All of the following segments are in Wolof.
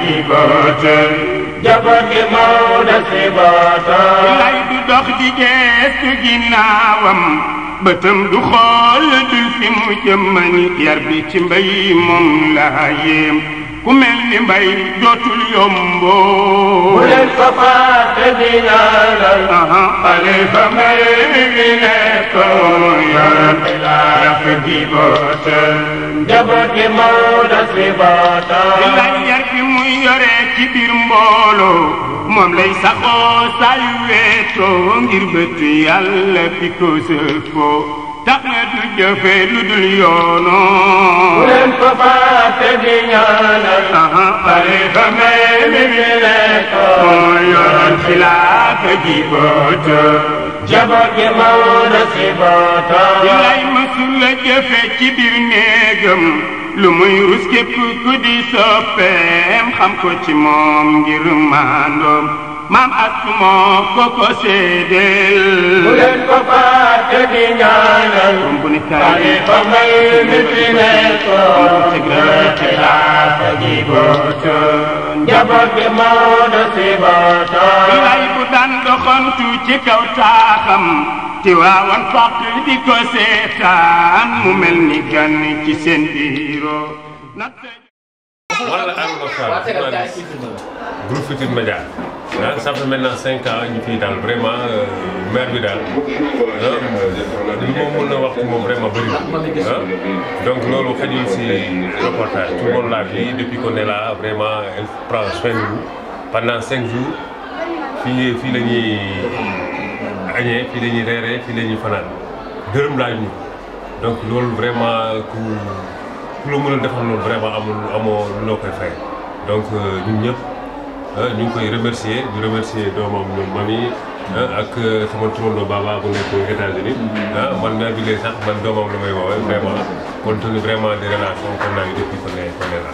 di bëtën. jabate Maodo si bëtën. lay du dox di geestu ginnaawam. du xool dul fi mu bi ci mbay moom laa yéem. ku mel ni mbay dootul yombo. bu leen ko fàtte di ñaanal. xalifa mbay mi nekkoon yaram bi laa rafet di bëtën. jabate Maodo si bëtën. yore ci mbooloo moom lay saxoo saa yu ngir bëtu yàlla fi ko sëfoo tax du jëfe lu dul yoonoo. bu leen ko fàtte di ñaanal. pare may mi mi lekkoo. moo yoroon xilaafa gi boota. jabar gi Maodo si baatam. masul la jëfe ci néegam. lu muy rus ku di soppeem xam ko ci moom ngir maandoom maam at moo ko ko seedeel bu leen ko fàtte di ñaanal bu ni taali ba may mi fi nekkoon ci laafa ji booto njaboot bi moo da si booto lay bu daan doxantu ci kaw taaxam tiwaawan fàttali li di ko seetaan mu groupe Futurs Médias ah ça fait cinq ans ñu fi daal vraiment euh, maire bi daal li moom mën na wax moom vraiment bëri donc loolu xajul si reportage tout le monde l'a depuis qu'on est vraiment elle prend soin de jours fii fii la añee fii la ñuy reeree fii la fanaan gërëm laaj donc loolu vraiment ku ku la mën a defal loolu vraiment amul amoo lu loo koy fay donc euh, ñun ñëpp ah, ñu ngi koy remercier di remercier doomam ñoom mami ah, ak euh, sama turando baba bu nekk États-Unis mm-hmm. ah, man maa ngi lay sax man doomam la may woowee vraiment compte tenu vraiment des relations qu'on a eues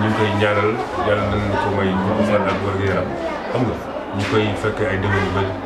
ngi koy ñaanal yàlla nañu ko may bu fan ak wér-gu-yaram xam nga ñu koy fekk ay déwén yu bëri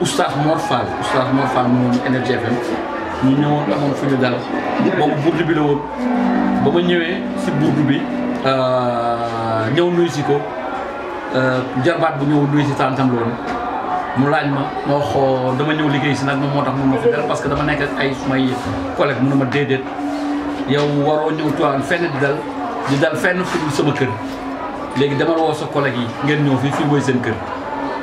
oustaz Mor Fall oustaz Mor Fall mu ngi Énergie FM ñu ñëw amoon fu ñu dal boobu burdu bi la woon ba ma ñëwee si burdu bi euh, ñëw nuyu si ko euh, jarbaat bu ñëw nuyu si tantam loolu mu laaj ma ma wax dama ñëw liggéey si nag moom moo tax mun ma fi dal parce que dama nekk ay sumay collègue mun na ma déedéet yow mu waroo ñëw tuwaan fenn di dal di dal fenn fu sama kër léegi dama woo sa collègue yi ngeen ñëw fii fii mooy seen kër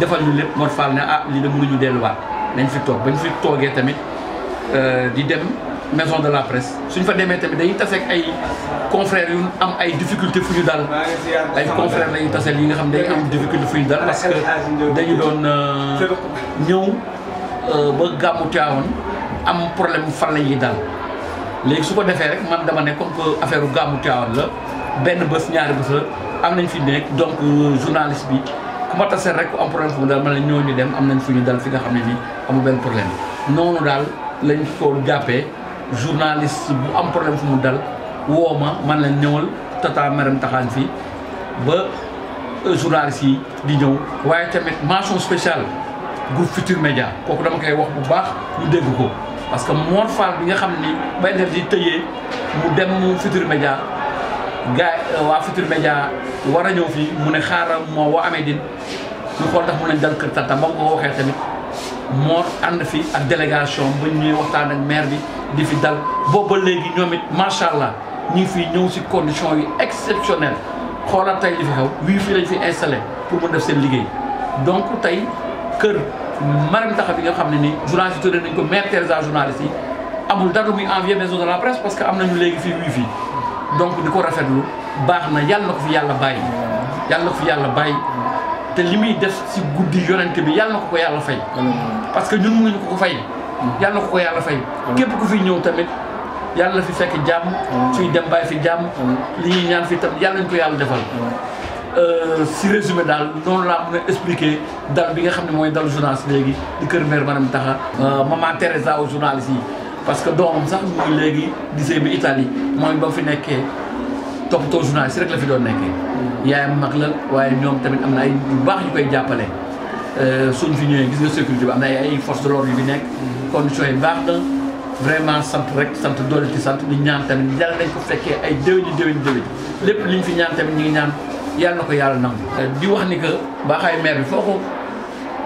defal ñu lepp Mor Fall ne ah lii de mënuñu delluwaat nañ fi toog bañ fi toogee tamit euh di dem maison de la presse suñ fa demee tamit dañuy tassé ay confrères yu am ay difficultés fu ñu dal ay confrères lañuy tassé yi nga xam day am difficulté fu ñu dal parce que dañu doon euh, ñëw euh, ba gamu Tiwaawan am problème fan la ñuy dal léegi su ko defee rek man dama né comme que affaire gamu gàmmu la benn bëss ñaari bés la am nañ fi nekk donc euh, journaliste bi ku ma tasee rek ku am problème fu mu daal ma ne ñooñu dem am nañ fu ñu dal fi nga xam ne nii amul benn problème noonu daal lañ ko jàppee journaliste bu am problème fu mu dal woo ma man leen ñëwal tata merem taxaan fii ba euh, journaliste yi di ñëw waaye tamit mention spéciale groupe Futur Média kooku dama koy wax bu baax ñu dégg ko parce que Mor bi nga xam ni ba def di tëyee mu dem Futur Média gaa waa Futurs Médias war a ñëw fii mu ne xaaral moo woo amee din ñu xool tax mu ne dal kër Tata ba mu ko waxee tamit moo ànd fi ak délégation ba ñuy waxtaan ak maire bi di fi dal booba léegi ñoom it macha allah ñu ngi fi ñëw si condition yu exceptionnelle xoolal tey li fi xew wii fii lañ fi installé pour mu def seen liggéey donc tey kër Marème Taxa bi nga xam ne nii journaliste tuddee nañ ko maire Teresa journaliste yi amul dara muy envier maison de la presse parce que am nañu léegi fii wii fii donc di ko rafetlu baax na yàlla ko fi yalla baye yalla ko fi yalla baye te limi def ci goudi yonente bi yàlla ko ko yàlla fay parce que ñun mu mënuñu ko ko fay yalla na ko ko yàlla fay képp ku fi ñew tamit yalla fi fekk jàmm suy dem bàyyi fi jàmm li ñi ñaan fi tam yalla nañu ko yàlla defal si euh, résumé dal noonu la mën expliquer dal bi nga xam moy dal journaliste léegi di kër mère manam taxa euh maman Teresa au journaliste yi parce que am sax mu ngi léegi di sëy bi Italie mooy ba fi nekkee toppatoo journaliste rek la fi doon nekkee. Mm-hmm. yaayam mag la waaye ñoom tamit am na ay bu baax ñu koy jàppale. Euh, suñ fi ñëwee gis nga sécurité bi am na ay force de l'ordre yu fi nekk. Mm-hmm. condition yi baax na vraiment sant rek sant doole ci sant di ñaan tamit yàlla nañ ko fekkee ay déwéni déwéni déwén lépp li liñ fi ñaan tamit ñu ngi ñaan yàlla na ko yàlla nangu. Euh, di wax ni que baaxaay maire bi foo ko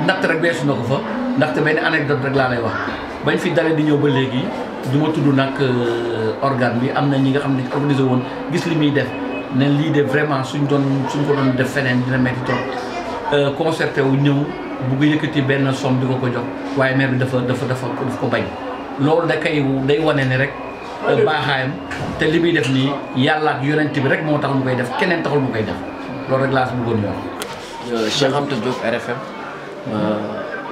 natt ko fa ndaxte benn anecdote laa lay wax. bañ fi dalee di ñëw ba léegi du ma tudd nag euh, organe bi am na ñi nga xam ne organisé woon gis li muy def ne lii de vraiment suñ doon suñ ko doon def feneen dina metti trop euh, concerté wu ñëw bugg yëkkati benn somme di ko ko jox waaye maire dafa dafa dafa daf ko bañ loolu da kay day wane ne rek euh, baaxaayam te li muy def nii yàlla ak yonent bi rek moo tax mu koy def keneen taxul mu koy def loolu rek laa si bëggoon yoon Cheikh te Diop RFM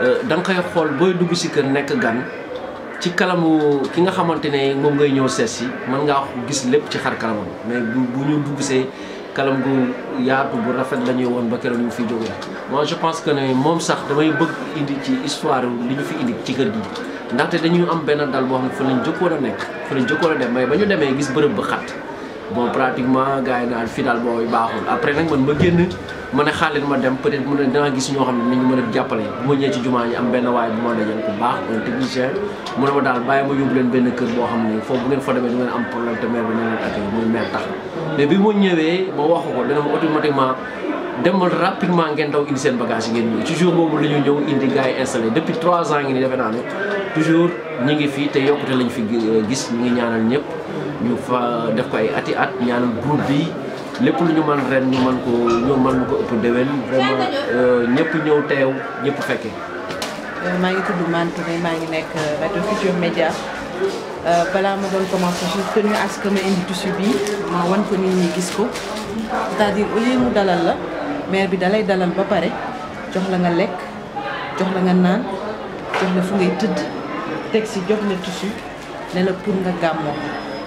Euh, da nga xool booy dugg si kër nekk gan ci kalamu ki nga xamante ne moom ngay ñëw seet si mën ngaa gis lépp ci xar kalamam mais bu bu ñu dugg see kalam gu yaatu bu rafet la ñuy woon ba keroog ñu fi jógee. moi je pense que ne moom sax damay bëgg indi ci histoire li ñu fi indi ci kër gi ndaxte dañuy am benn dal boo xam ne fa lañ jëkkoon a nekk fa lañ jëkkoon a dem mais ba ñu demee gis bërëb ba xat. bon pratiquement gaay yi naan final daal baaxul après nak man ma genn mané xalé xaaral ma dem peut être mën na dinaa gis ño xamni ni ñu mëna jappalé jàppale bu ma ñëwee ci juma ñi am benn way bu ma dajal ku baax un technicien mu ma dal bàyyi ma yóbbu leen benn kër bo xamni fo bu ngeen fa démé ngeen am problème té maire bi na ak accueil muy maire tax mais bi mo ñëwé ba wax ko dana automatiquement demal rapidement ngeen daw indi seen bagage ngeen ñu ci jour boobu la ñëw indi gaay installé depuis 3 ans ngi ni defe naa ne toujours ñi ngi fii te yokkute lañ fi gis ñi ñaanal ñëpp ñu fa def ko ay ati at ñaanal groupe bi lépp lu ñu mën ren ñu mën ko ñu mën lu ko ëpp déwén vraiment euh, ñëpp ñëw teew ñëpp fekke euh, maa ngi tudd Mantouré maa ngi nekk rajo euh, Futur Média balaa ma doon commencé juste que ñu ask ma indi tissu bi ma wan ko nit ñi gis ko c'est-à-dire dalal la maire bi dalay dalal ba pare jox la nga lekk jox la nga naan jox la fu ngay tëdd teg si jox la tissu ne la pour nga gàmmoo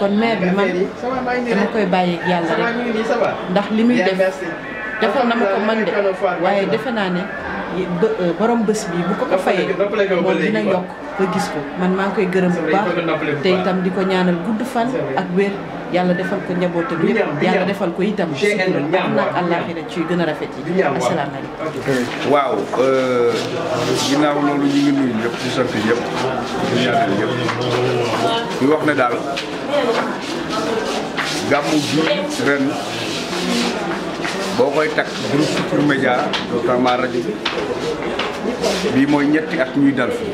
kon maire bi man dama koy bàyyi ak yàlla rek ndax li muy def defal na ma ko man de waaye defe naa ne euh, borom bés bi bu ko ko fayee moom dina yokk ba gis ko man maa ngi koy gërëm bu baax te itam di ko ñaanal gudd fan ak wér yalla defal ko njabootam yëpp yalla defal ko itam nak nag àllaaxira ci gëna rafet yi alaykum waaw euh, ginaaw lolu ñu ngi nuyu ñep ci sant ñëpp ñaanal ñëpp ñu wax ne dal gamu bi ren bokoy tak groupe Futurs media notamment radio bi moy ñetti at ñuy dal fi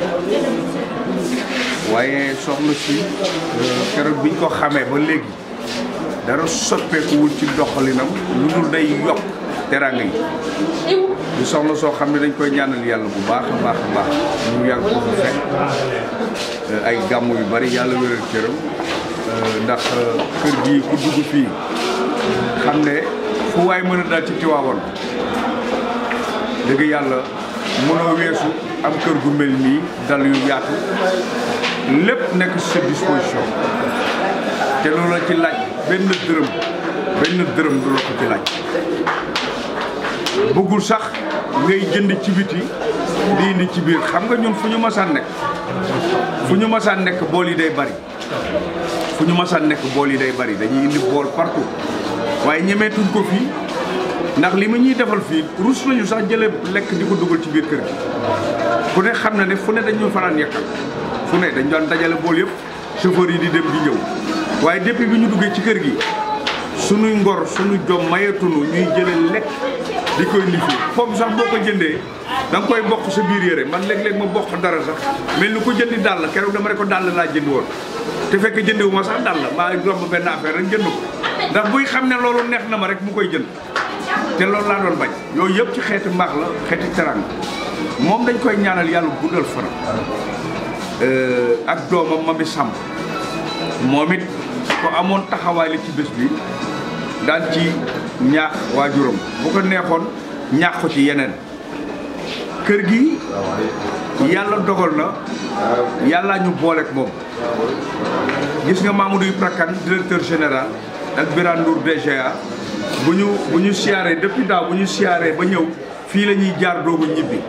waaye soxna euh keroog biñ ko xamé ba légui dara soppeekuwul ci doxalinam lu dul day yokk teraanga yi du soxla soo xam ne dañ koy ñaanal yàlla bu baax a baax a baax ñu yàgg ko fekk eh, ay gàmmu yu bari yàlla wéral këram eh, ndax eh, kër gi ku dugg fii xam ne fu waay mën a daal ci Tiwaawan yàlla mënoo am kër gu mel nii dal yu yaatu lépp nekk sa disposition te loolu la ci laaj benn dërëm benn dërëm du la ko ci bëggul sax ngay jënd ci biti di indi ci biir xam nga ñun fu ñu masaan nekk fu ñu masaan nekk bool yi day bari fu ñu masaan nekk bool yi day bari dañuy indi bool partout waaye ñemeetuñ ko fii ndax li ma ñuy defal fii ruus nañu sax jële lekk di ko dugal ci biir kër gi ku ne xam na ne fu ne dañu fanaan yekkal fu ne dañ doon dajale bool yëpp chauffeur yi di dem di ñëw waaye dépp bi ñu duggee ci kër gi suñuy ngor suñu jom mayatunu ñuy jëlee lekk di koy liggéey foofu sax boo ko jëndee da koy bokk sa biir yére man léeg-léeg ma bokk dara sax mel ni ko jënd dàll keroog dama ne ko dàll naa jënd woon te fekk jëndiwu ma sax dàll maa romb benn affaire rek jënd ko ndax buy xam ne loolu neex na ma rek mu koy jënd te loolu laa doon bañ yooyu yëpp ci xeeti mbaax la xeeti teranga moom dañ koy ñaanal yàlla guddal faram euh, ak doomam ma mi sàmm ko amoon taxawaay la ci bés bi daan ci ñaax waajuram bu ko neexoon ñaax ko ci yeneen kër gi yàlla dogal na yàllaa ñu booleek moom gis nga Mamadou Ibra Kane directeur général ak Birane Ndour bu ñu bu ñu siyaaree depuis daaw bu ñu siyaaree ba ñëw fii lañuy jaar doogu ñibbi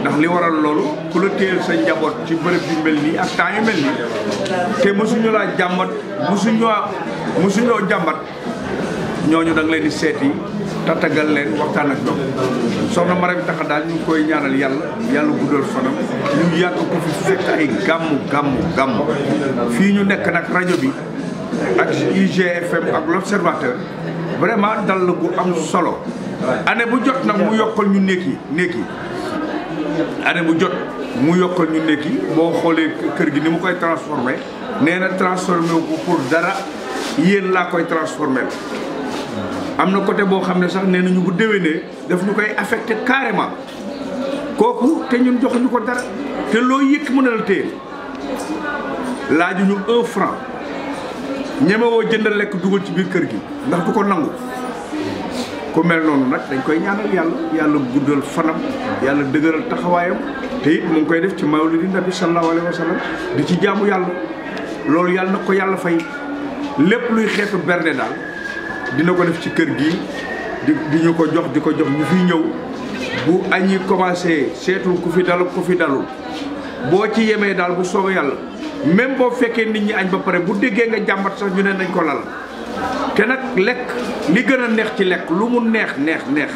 ndax li waral loolu ku la téyel sa njaboot ci bërëb yu mel nii ak temps yu mel nii te mosuñu laa jàmbat mosuñu waa jàmbat ñooñu da nga leen di seeti tatagal leen waxtaan ak ñoom soxna Maram tax daal ñu ngi koy ñaanal yàlla yàlla guddal fanam ñu yàgg ko fi fekk ay gàmmu gàmmu gàmmu fii ñu nekk nag rajo bi ak IGFM ak l'observateur vraiment dal gu am solo année bu jot nag mu yokkal ñu néeg yi néeg yi année bu jot mu yokkal ñu ndekki boo xoolee kër gi ni mu koy transformé nee na transformé ko pour dara yéen laa koy transformé am na côté boo xam ne sax nee nañu bu déwénee daf ñu koy affecté carrément kooku te ñun joxuñu ko dara te loo yëkk mën a la téye laajuñu un franc ñemewoo jënd lekk dugal ci biir kër gi ndax du ko nangu ku mel noonu nag dañ koy ñaanal yàlla yàlla guddal fanam yàlla dëgëral taxawaayam te it mu ngi koy def ci mawlidi nabi sallallahu alayhi wa sallam di ci jaamu yàlla loolu yàlla na ko yàlla fay lépp luy xeetu bernde daal dina ko def ci kër gi di di ñu ko jox di ko jox ñu fiy ñëw bu añi commencé seetul ku fi dalul ku fi dalul boo ci yemee daal bu soobee yàlla même boo fekkee nit ñi añ ba pare bu déggee nga jàmbat sax ñu ne nañ ko lal te nag lekk li gën a neex ci lekk lu mu neex neex neex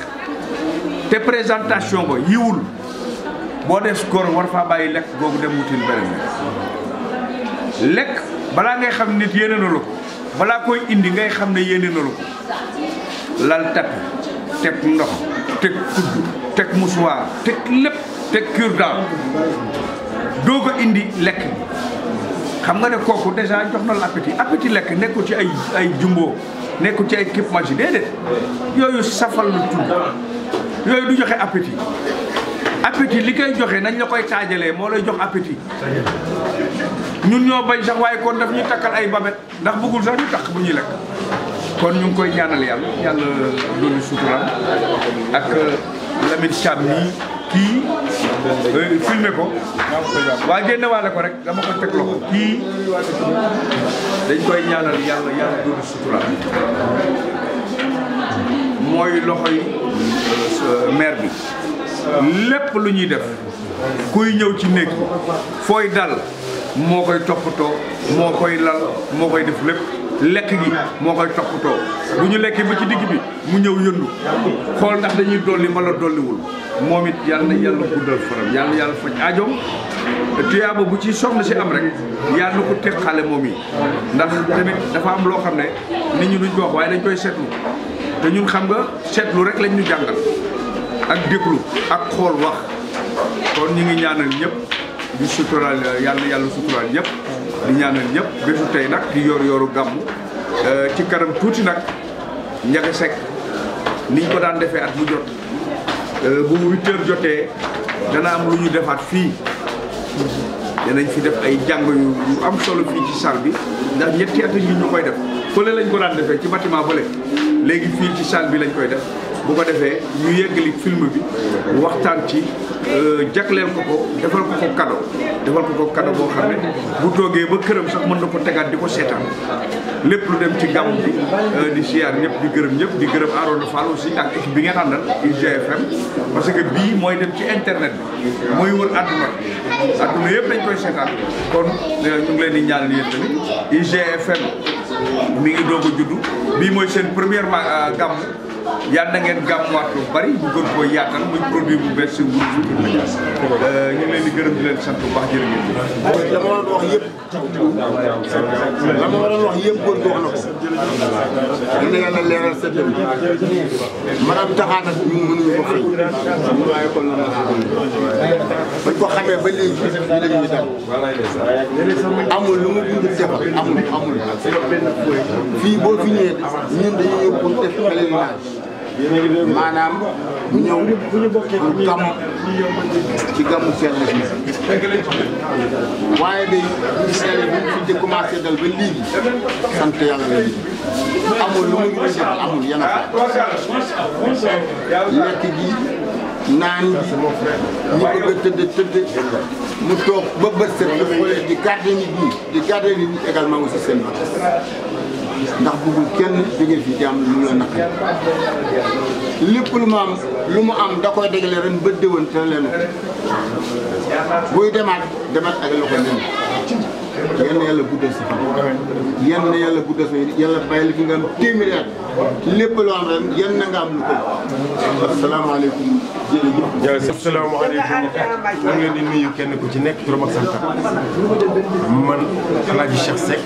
te présentation ba yiwul boo def score war faa bàyyi lekk googu dem wutil beneen lekk balaa ngay xam nit yéene ko balaa koy indi ngay xam ne yéene na la ko lal tapi teg ndox teg kudd teg musuwaar teg lépp teg cure-dent doo ko indi lekk xam nga ne kooku déjà jox na la appétit appétit lekk nekkul ci ay ay jumbo nekkul ci ay képp magi déedéet yooyu safal lu tudd yooyu du joxe appétit appétit li koy joxe nañ la koy taajalee moo lay jox appétit ñun ñoo bañ sax waaye kon daf ñu takkal ay babet ndax bëggul sax ñu takk bu ñuy lekk kon ñu ngi koy ñaanal yàlla yàlla dolli suturaam Lamine Thiam nii kii eh, filmé ko waaye génne waale ko rek dama ko teg loxo kii dañ koy ñaanal yàlla yàlla doon sutura mooy loxo yi eh, maire bi lépp lu ñuy def kuy ñëw ci néeg fooy dal moo koy toppatoo moo koy lal moo koy def lépp lekk gi moo koy toppatoo bu ñu lekkee ba ci digg bi mu ñëw yëndu xool ndax dañuy dolli ma la dolliwul moom it yàlla na yàlla guddal faram yàlla yàlla faj aajoom tuyaaba bu ci soxna si am rek yàlla na ko teg xale moom yi ndax tamit dafa am loo xam ne nit ñi duñ ko waaye dañ koy seetlu te ñun xam nga seetlu rek lañ ñu jàngal ak déglu ak xool wax kon ñu ngi ñaanal ñëpp ñu suturaal yàlla yàlla suturaal ñëpp di ñaanal ñëpp bésu tey nag di yor yoru gàmmu euh, ci karam tuuti nag Ndiaga Seck niñ ko daan defee at mu jot euh, bu huit heures jotee dana am lu ñu defaat fii danañ fi def ay jàng yu am solo fii ci salle bi ndax ñetti at ngi ñu koy def fële lañ ko daan defee ci bâtiment fële léegi fii ci salle bi lañ koy def bu ko defee ñu yeggali film bi waxtaan ci euh, jagleel ko ko defal ko ko cadeau defal ko ko cadeau boo xam bu toogee ba këram sax mën na ko tegaat di ko seetaan lu dem ci bi euh, di siyaar di gërëm di gërëm Arona Fall aussi ak équipe bi ngeen IGFM parce que bii mooy dem ci internet bi mooy wër àdduna àdduna yëpp dañ koy kon euh, ñu ngi leen di ñaanal yéen tamit IGFM mi ngi doog juddu bii mooy seen première yal na ngeen gàmmuwaat lu bari bu gën koo yaatal muy produit bu bees si wu euh, ñu ngi leen di gërëm di leen sant bu baax jërë ngeen jëf. la ma doon wax yëpp. la ma doon wax yëpp góor góor na ko. yal na yàlla leeral sa dem. maanaam taxaana ñu mënuñu ko fay. bañ ko xamee amul lu mu dund defar amul amul. fii boo fi ñëwee ñun dañuy maanaam mu ñëw mu gàmm ci gàmmu seetlu si. waaye day ñu seetlu bi ñu fi commencé dal ba léegi sant yàlla la amul lu muy def amul yenn lekk gi naan gi ñu bëgg a tëdd mu toog ba bët set di garder nit ñi di garder nit ñi ndax bëggul kenn jóge fi jàmm lu mu la naq lépp lu mu am lu mu am da koy dégale ren ba déwén te leen buy demaat demaat ak loxo nen yenn yàlla guddal sa fan yenn yàlla guddal sa yàlla bàyyi la fi nga am téeméeri at lépp loo am ren yenn na nga am lu ko asalaamaaleykum jërëjëf jërëjëf asalaamaaleykum ñu ngi leen di nuyu kenn ku ci nekk turam ak santam man Alaaji Cheikh Seck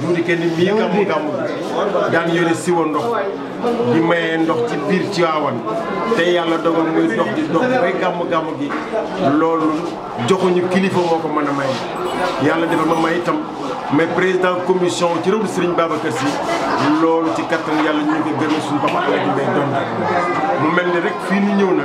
duudi que mii gàmmu gàmmu bi daan yore siwo ndox di maye ndox ci biir Tiwaawan te yàlla dogal muy dox di dox bay gàmmu gàmmu gi loolu joxuñu a may yàlla defal ma may itam mais président commission ci réew Serigne Babacar Sy loolu ci kattan yàlla ñu ngi ko gërëm suñu papa Alaaji Mbay doon mu mel ni rek fii ni ñëw na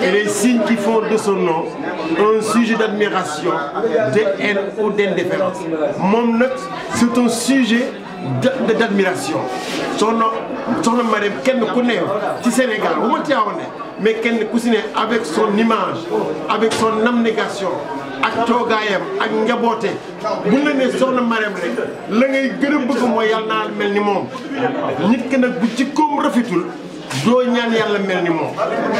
les signes qui font de son nom un sujet d'admiration, de haine ou d'indifférence. Mon nag c'est un sujet d'admiration Son nom son Marème kenn ku ne ci Sénégal bu ma mais kenn ku si avec son image avec son abnégation ak toogaayam ak njaboote bu la ne soxna Marème rek la ngay gën a bëgg mooy yàlla naa mel ni moom nit ki nag bu ci koom rafetul doo ñaan yàlla mel ni moom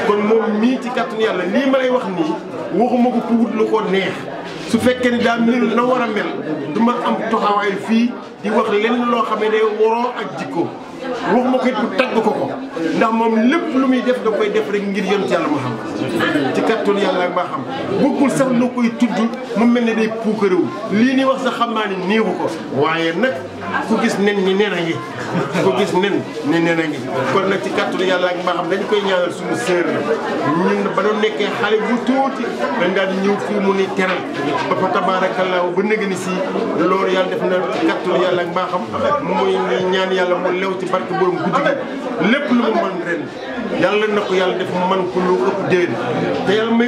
kon moom mii ci kàttanu yàlla lii ma lay wax nii waxuma ko pour wut lu ko neex su fekkee ne daa mel na war a mel du ma am taxawaay fii di wax lenn loo xam ne day waroo ak jikko waxuma ko it bu tagg ko ko ndax moom lépp lu muy def da koy def rek ngir yont yàlla ma xam ci kàttanu yàlla ak ma xam bëggul sax lu koy tudd mu mel ne day puukaréwu lii ni wax sax xam ni néewu ko waaye nag ku gis nen ni nen a ngi ku gis nen ni nen a ngi kon nag ci kàttanu yàlla ak mbaaxam dañ koy ñaanal suñu sœur la ba doon nekkee xale bu tuuti dañ daal di ñëw fii mu ni teral ba fa tabaarakallaahu ba nëgëni si loolu yàlla def na ci kàttanu yàlla ak mbaaxam muy ñaan yàlla mu lew ci barke borom guddi gi lépp lu mu mën ren yàlla na ko yàlla def man ko lu ëpp déen te yàlla may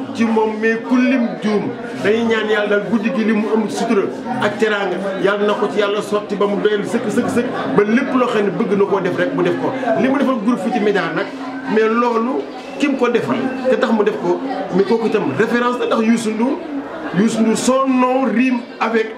ci moom mais ku lim juum dañuy ñaan yàlla daal guddi gi li mu ëmb sutura ak teraanga yàlla na ko ci yàlla sotti ba mu doyal sëkk sëkk sëkk ba lépp loo xam ne bëgg na koo def rek mu def ko li mu defal groupe fi ci média nag mais loolu kim ko defal te tax mu def ko mais kooku itam référence la ndax Youssou Ndour Youssou Ndour soo nom rime avec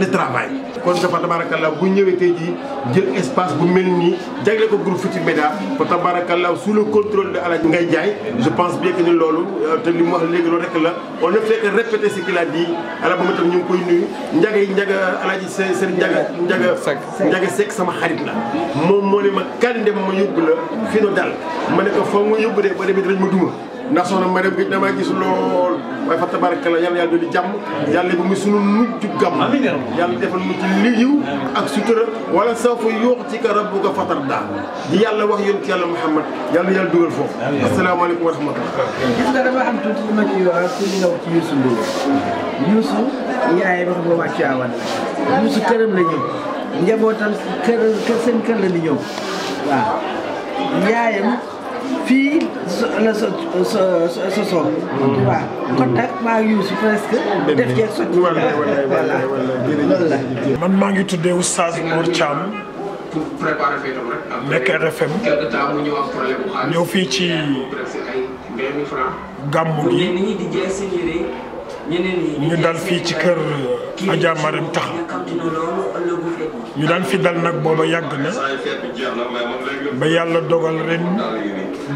le travail kon dafa tabarakallah bu ñëwee tey jii jël espace bu mel nii jagle ko groupe Futurs Médias fa tabarakallah sous le contrôle de Aladji Ngay Jaay je pense bien loolu euh, te li mu wax léegi loolu rek la on ne fait que répéter ce qu'il a dit ala ba ma tam ñu ngi koy nuyu njaga yi njaga alaaji seen njaga njaga njaga Seck sama xarit la moom moo ne ma kandem ma yóbbu la fi nu dal ma ne ko fa nga yóbbu de ba demee dinañ ma duma ndax soxna Mariam gëj damaa gis lool waaye fa tabarakalla yàlla yàlla dolli jàmm yàlla bu muy sunu mujj gàmm yàlla defal mu ci li ak sutura wala sawfa yu'tika rabbuka fatardaa di yàlla wax yonent yàlla Muhammad yàlla yàlla dugal foofu asalaamaaleykum wa rahmatullah gis nga dama am tuuti ma wax ci li nga wax ci Youssou Ndour Youssou yaay wax nga wàccu awan Youssou këram la ñëw njabootam kër seen kër la di ñëw waaw yaayam fii la sa sa sa soog. waaw kon nag maa ngi yuusu man maa ngi tuddee Oustaz Mor Thiam. nekk RFM. ñëw fii ci gàmmu gi. ñu dal fii ci kër Adja Marème ñu daan fi dal nag booba yàgg na ba yàlla dogal ren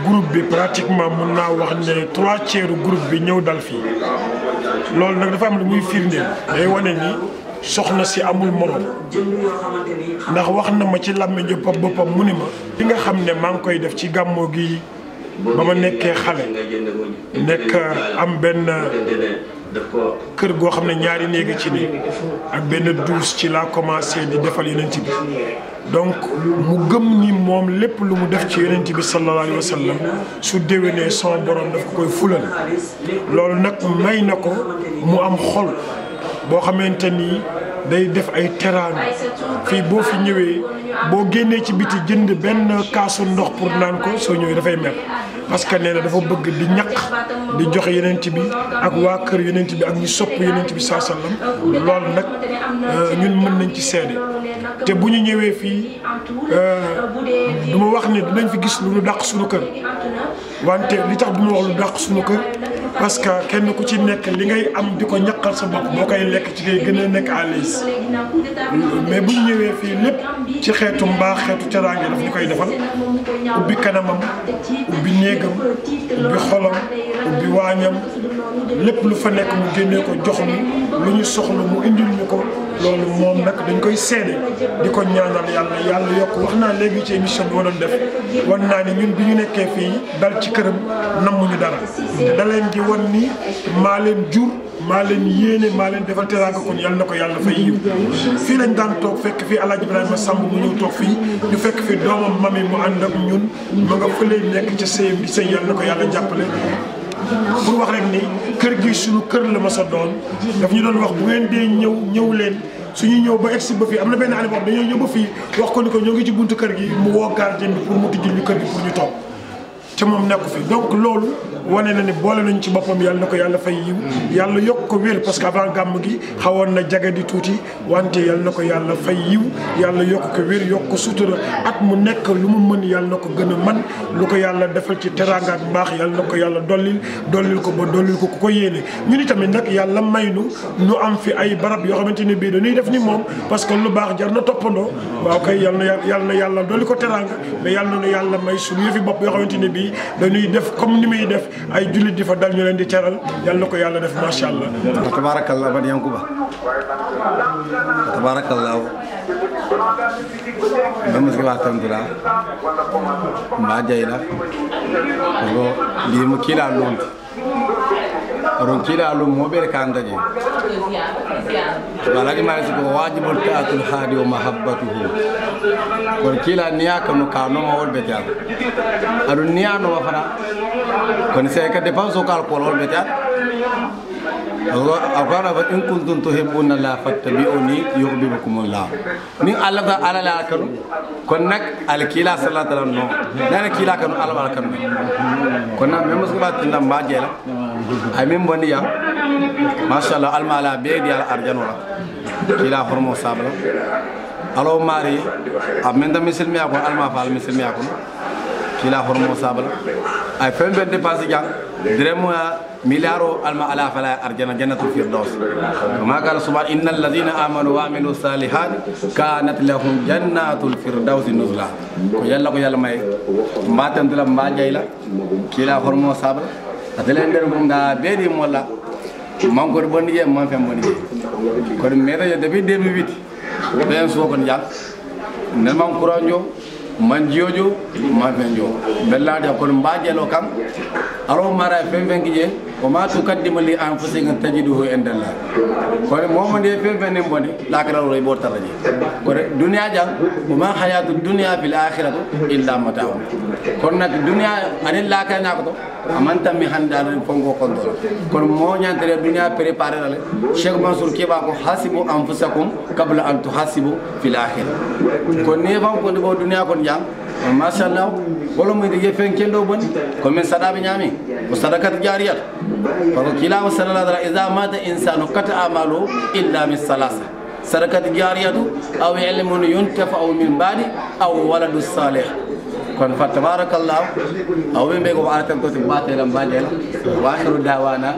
groupe bi pratiquement mun naa wax ne trois tiers groupe bi ñëw dal fii loolu nag dafa am lu muy firndeel. day wane ni soxna si amul morom ndax wax na ma ci làmmiñu boppam mu ni ma. fi nga xam ne maa ngi koy def ci gàmmoo gi ba ma nekkee xale nekk am benn. kër goo xam ne ñaari néeg ci ni ak benn duus ci laa commencé di defal yonent bi donc mu gëm ni moom lépp lu mu def ci yonent bi sallallahu alayhi wa sallam su déwénee soo borom daf koy fulal loolu nag may na ko mu am xol boo xamante ni day def ay teraan fii boo fi ñëwee boo génnee ci biti jënd benn kaasu ndox pour naan ko soo ñëwee dafay mel parce que nee na dafa bëgg di ñaq di joxe yonent bi ak waa kër yonent bi ak ñu sopp yonent bi saa sallam loolu nag euh, ñun mën nañ ci seede te bu ñu ñëwee fii euh, du ma wax ne dinañ fi gis lu ñu dàq suñu kër wante li tax bu ñu wax lu dàq suñu kër parce que kenn ku ci nekk li ngay am di ko ñaqal sa bopp boo koy lekk ci ngay gën nekk à l'aise mais bu ñëwee fii lépp ci xeetu mbaax xeetu teraange daf ñu koy defal ubbi kanamam ubbi néegam ubbi xolam ubbi waañam lépp lu fa nekk mu génnee ko jox mu lu ñu soxla mu indil ñu ko. loolu moom nag dañ koy seede di ko ñaanal yàlla yàlla yokk wax naa léegi ci émission bi waroon def wan naa ni ñun bi ñu nekkee fii dal ci këram nammuñu dara da leen di wan ni maa leen jur maa leen yéene maa leen defal teraanga kon yàlla na ko yàlla fay yiw fii lañ daan toog fekk fii Alaaji Ibrahima Samb mu ñëw toog fii ñu fekk fii doomam mami mu ànd ak ñun ma nga fële nekk ca sëyam bi sëy yàlla na ko yàlla jàppale pour wax rek ni kër gi suñu kër la ma sa doon daf ñu doon wax bu ngeen dee ñëw ñëw leen suñu ñëw ba egsi ba fii am na benn année boo xam dañoo ñëw ba fii wax ko ni ko ñoo ngi ci buntu kër gi mu woo gardien bi pour mu tijjil ñu kër gi pour ñu toog te moom nekku fi donc loolu wane na ni boole nañu ci boppam yàlla na ko yàlla fay yiw yàlla yokk ko wér parce que avant gàmm gi xawoon na jaga di tuuti wante yàlla na ko yàlla fay yiw yàlla yokk ko wér yokk ko sutura at mu nekk lu mu mën yàlla na ko gën a man lu ko yàlla defal ci teraanga ak mbaax yàlla na ko yàlla dollil dollil ko ba dollil ko ku ko yéene ñu ni tamit nag yàlla may nu nu am fi ay barab yoo xamante ne bii dañuy def ni moom parce que lu baax jar na toppandoo waaw kay yàlla na yàlla na yàlla dolli ko teraanga mais yàlla na yàlla may suñu yëfi bopp yoo ne bii yi def comme ni muy def ay jullit di fa dal leen di teral yal ko yàlla def macha allah. wa tabarakallah ban Yankuba wa tabarakallah man muske ba tantula mba jayla ko kila ronkilaalu moɓere kan dañi alhaji mari siko wajibol taatul haadi o mahabbatuhu kono kiila niya kamo kanoma wolɓe tan aɗum niyanoma fana kono sey ka dépense o ko alcool wolɓe tan أقول غربت إن كنتم تحبون الله فاتبعوني يحببكم الله من الله على لا كانوا كنك على كلا صلى الله عليه وسلم لا كلا كانوا على ما كانوا كنا من مسكبات تندم باجيلا أي من بنيا ما شاء الله المالا بيدي على أرجان ولا كلا فرمو سابلا ألو ماري أبمن دم مسلمي أكون ألما فعل مسلمي أكون كلا فرمو سابلا ay fen ben dépassé jang direm milaro alma ala fala arjana jannatul firdaus ma qala subhan innal ladhina amanu wa amilu salihat kanat lahum jannatul firdaus nuzula ko yalla ko yalla may mbatam dula mbajayla kila hormo sabra adelen der gum da bedi molla mankor bondi je man fem bondi je kon meda je depuis 2008 ben so kon jang nel man kuranjo man jiyojo ma feñjo bellade kono mbajelo kam aro mara e fen fenki je wa ma tukaddimu li anfusikum tajiduhu indallah kono momo nde fen fen en bone lakara roy bortara je kono dunya jam wa ma hayatu dunya fil akhiratu illa mata'un kono nak dunya ani lakara nyako to amanta mi handa ren fongo kondo kono mo nyantere dunya préparer ale cheikh mansour keba ko hasibu anfusakum qabla an tuhasibu fil akhirah kono ne fam ko bo dunya kon jam mashallah wala mo de fen kendo bon ko men sadabe nyami ko jariyat fago kilawo sallallahu alaihi wasallam idha mata insanu kata amalu illa min salasa sadakati jariyatu aw ilmun yuntafa aw min ba'di aw waladu salih kon fa tabarakallah aw ɓe mbego ala tan koti batela mbaɗel wahiru dawana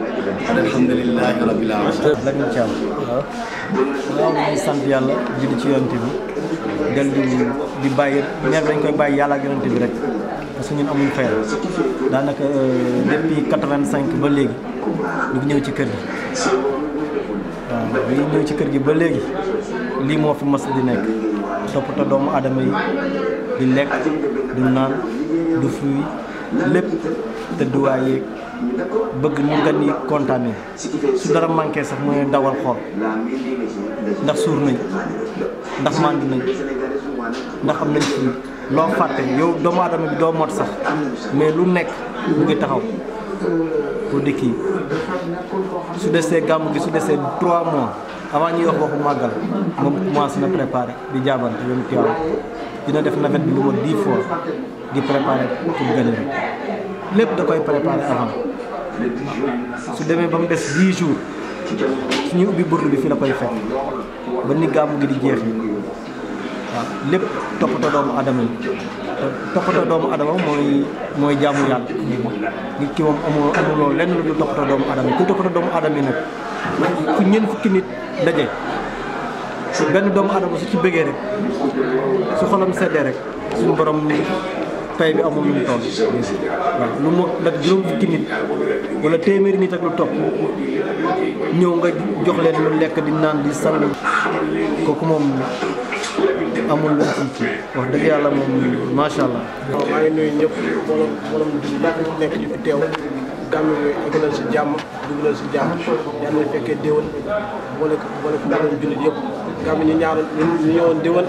an alhamdulillahi rabbil alamin lamin cam waaw sant yàlla jidi ci yonte bi del di di bàyyi neef dañ koy bàyyi yàlla ak yonte bi rek su ñun amuñ fayal daanaka euh, depuis quatre-vingt-cinq ba léegi ñu ñëw ci kër gi ñëw ci kër gi ba léegi lii moo fi mas di nekk toppatoo doomu aadama yi di lekk du naan du fuy lépp tëdduwaay yeeg bëgg nu gan yi kontaane su dara manqué sax mooy dawal xool ndax suur nañ ndax mànd nañ ndax am nañ fuy L'homme yo yow demain, il bi mais lu vous ngi taxaw pour su qui des trois mois avant ñuy vous Magal. màggal commencé na préparé di dina def des bi dix fois di préparé pour gane da koy préparé avant su des jours bi fi la koy ba ni qui gi lépp toppatoo doomu adama yi toppatoo doomu adama mooy mooy jaamu yàlla nit ki moom amoo amuloo lenn lu dul toppatoo doomu adama yi ku toppatoo doomu adama yi nag fu ñeent fukki nit daje su benn doomu adama su ci bëggee rek su xolam seddee rek suñu borom pay bi amul lu mu toll lu mu nag juróom fukki nit wala téeméeri nit ak lu topp ñëw nga jox leen lu lekk di naan di sang kooku moom amul lu ci ci wax dëgg yàlla moom macha allah. waaw maa ngi nuyu ñëpp mbooloo mbooloo di ñàkk fi nekk ñu fi teew gàmm yi egg si jàmm dugg nañ si jàmm yàlla na fekkee déwén boole ko boole ko mbooloo jullit yëpp gàmm ñu ñaaroon ñu ñëwoon déwén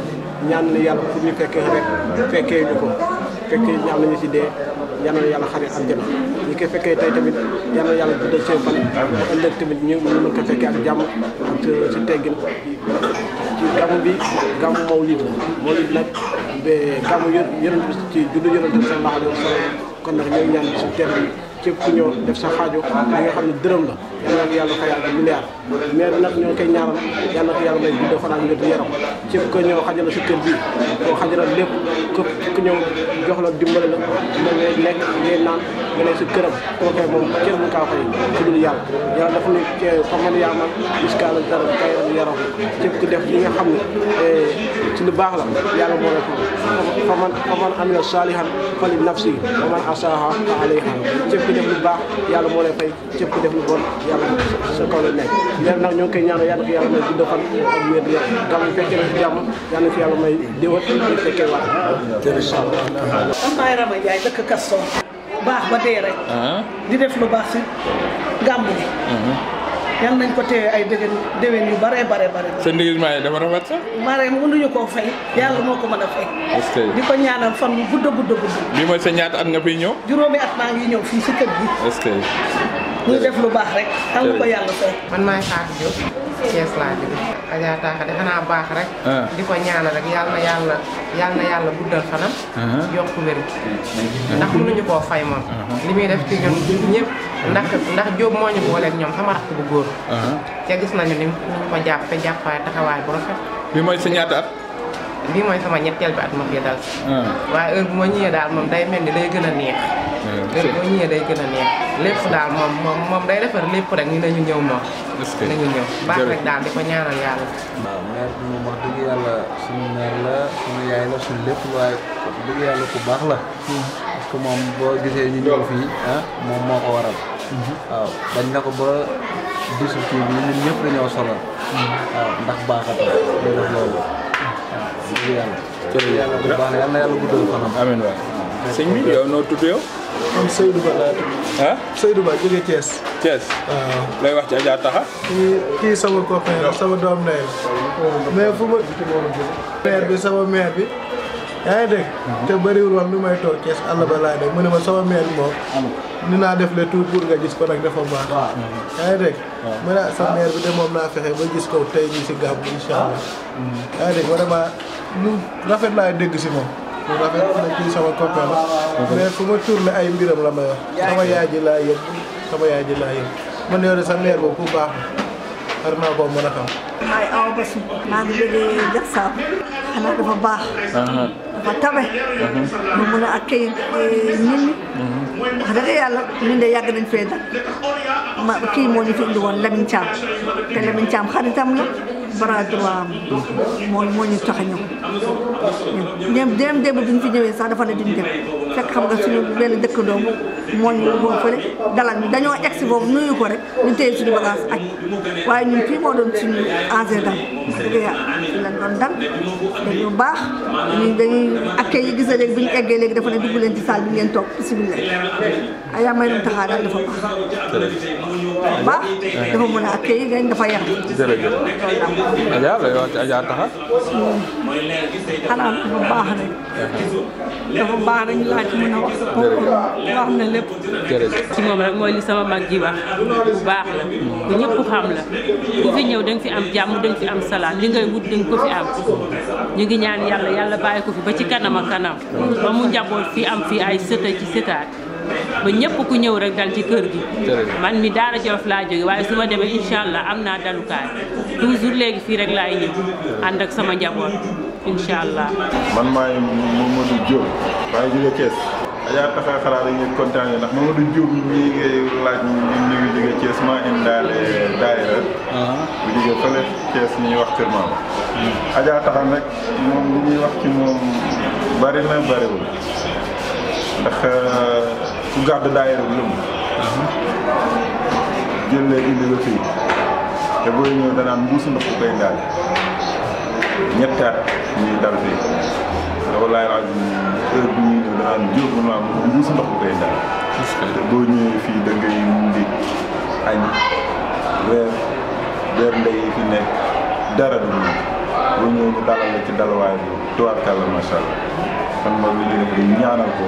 ñaan na yàlla pour ñu fekkee rek fekkee ñu ko fekkee ñaan nañu si dee. yal na yàlla xaree àjjana ñi ko fekkee tey tamit yal yàlla guddal seen fan ëllëg tamit ñu fekkee ak jàmm ak si euh, teggin ci gàmmu bi gàmmu mawlid mawlid nag ba gàmmu yë yërënt ci juddu yërënt sallallahu alayhi wa sallam kon nag ñooy ñaan bi su teer bi képp ku ñëw def sa xaajo li nga xam ne dërëm la yàlla ko yàlla fayal ak milliard mais nag ñoo ngi koy ñaanal yàlla ko yàlla may gudd fan ak ko ñëw jox la dimbali la nga ngay lekk ngay naan nga ne sa këram kooku moom kenn mu kaa fay ci dul yàlla yàlla dafa ne fa man yaa man iska eh, lu baax la yàlla moo la ko fa man fa man amila nafsi fa man asaha fa alayha def lu baax yàlla moo lay fay ci ku def lu bon sa kaw la nekk léegi nag ñoo koy ñaanal yàlla fi yàlla may gudd fan ak wér gu yaram gam fekkee dëkk Kaston baax ba dee rek ah. di def lu baax si gàmmu gi mhm. yal nañ ko teewee ay déwén déwén yu bare bare bare sa ndigal maa dafa rafet sax mare mënuñu koo fay yàlla moo ko mën a fay di ko ñaanal fan bu gudd gudd gudd bi mooy sa ñaata at nga fiy ñëw juróomi at maa ngi ñëw fii si kër gi ñuy def lu baax rek am ko yàlla fay man maay Fatou Diop Thiès laa jógee Adja de xanaa baax rek ah. di ko ñaanal rek yàlla na yàlla yàlla na yàlla guddal fanam ah. yokku wér ndax mënuñu koo fay moom ah. li muy def ci ñun ñëpp ndax ndax Diop moo ñu booleeg ñoom sama rakk bu góor te gis nañu ni ñu ko jàppe jàppaay taxawaay bu rafet bi mooy sa ñaata at lii mooy sama ñetteel bi at ma fi dal. Ah. waaye heure moo ma daal moom day mel ni day gën a neex. Ah, day gën a neex lépp daal moom moom moom day defar lépp rek ñu ne ñu ñëw moom. nañu ñëw baax rek daal di ko ñaanal yàlla. waaw maire bi moom wax dëgg yàlla suñu maire la suñu yaay la suñu lépp waaye wax yàlla ku baax la. parce que moom boo gisee ñu ñëw fii ah, moom moo ko waral. waaw dañ na ko ba bisu kii bi ñun ñëpp dañoo solo. Mm-hmm. waaw ndax baaxatul ñu def loolu. jërëjëf yàlla bu baax yàlla yàlla guddal fanam. amiin waay sëñ yow noo tudd yow. am Seydou laa tudd. ah Seydou Ba jógee Thiès. Thiès. waaw wax ci Adja Taxa. kii kii sama copain sama doom ndeyam. mais fu ma. mère bi sama mère bi. yaa ngi dégg te bëriwul woon lu may toog Thiès àll ba laa dégg mu ne ma sama meen moom naa def le tout pour nga gis ko nag dafa baax yaa ngi dégg mu ne ah, sa mère bi de moom naa fexe ba gis ko tey jii si gàmm incha allah mm-hmm. yaa ngi dégg vraiment lu rafet laay dégg si moom mu rafet na kii sama copain la mm-hmm. fu ma tourné ay mbiram la may wax sama yaay ji laa yëpp sama yaay ji yëpp man yow de sa mère boobu ku baax la war koo mën a xam maay aw basi maa fatame no mun a accueillir nit ñi wax dëgg yàlla ñun de yàgg nañ fee dal ma kii moo ñu fi indi woon Lamine Thiam te Lamine Thiam xaritam la bras droit am moo moo ñu tax a ñëw dem dem démb bi ñu fi ñëwee sax dafa ne duñ dem fekk xam nga suñu benn dëkk doom moo ñu boo fële dalal ñu dañoo egg si boobu nuyu ko rek ñu téye suñu bagage ak waaye ñun fii moo doon suñu engrais dal dëgg yàlla fi dañu baax ñu dañuy akkee yi gis na léegi bi ñu eggee léegi dafa ne dugg leen ci salle bi ngeen toog bisimilah ayaa ah, may doon taxaa daal dafa baax baax dafa mën a akkee yi dañ dafa yar Adja looy wax ci Adja Taxa. xanaa dafa baax rek. dafa baax rek laa ci na lépp. ci moom rek mooy li sama mag ji wax bu baax la. bu ñëpp xam la. ku fi ñëw da fi am jàmm da nga fi am salaam li ngay wut da ko fi am. ñu ngi ñaan yàlla yàlla bàyyi ko fi ba ci kanam ak kanam. ba mu njaboot fi am fii ay sëta ci sëtaat. ba ñëpp ku ñëw rek dal ci kër gi man mi daara Jolof laa jóge waaye su demee incha allah am naa dalukaay toujours léegi fii rek laay ñëw ànd ak sama njaboot incha allah man maay Mamadou Diop maay jóge Thiès ajaa taxaa xaraa dañuy kontaan ndax Mamadou Diop mii ngay laaj ñun ñu ngi jóge Thiès maa indaale daayira bu jóge fële Thiès ni ñuy wax kër hmm. ajaa taxa nag moom li ñuy wax ci moom bari na bariwul ndax ku gàddu daayira bi jël la indi la fii te booy ñëw danaan mbuusu ndox koy daal ñetti at ñuy dal fii loolu laay raadu heure bi ñuy ñëw danaan jóg mu naan mbuusu ndox koy daal. te boo ñëwee fii da ngay ndi añ weer weer ndey fi nekk dara du ñu boo ñëwee ñu dalal la ci dalwaay bi tuwaat kàlla macha allah man moom li ñu ñaanal ko.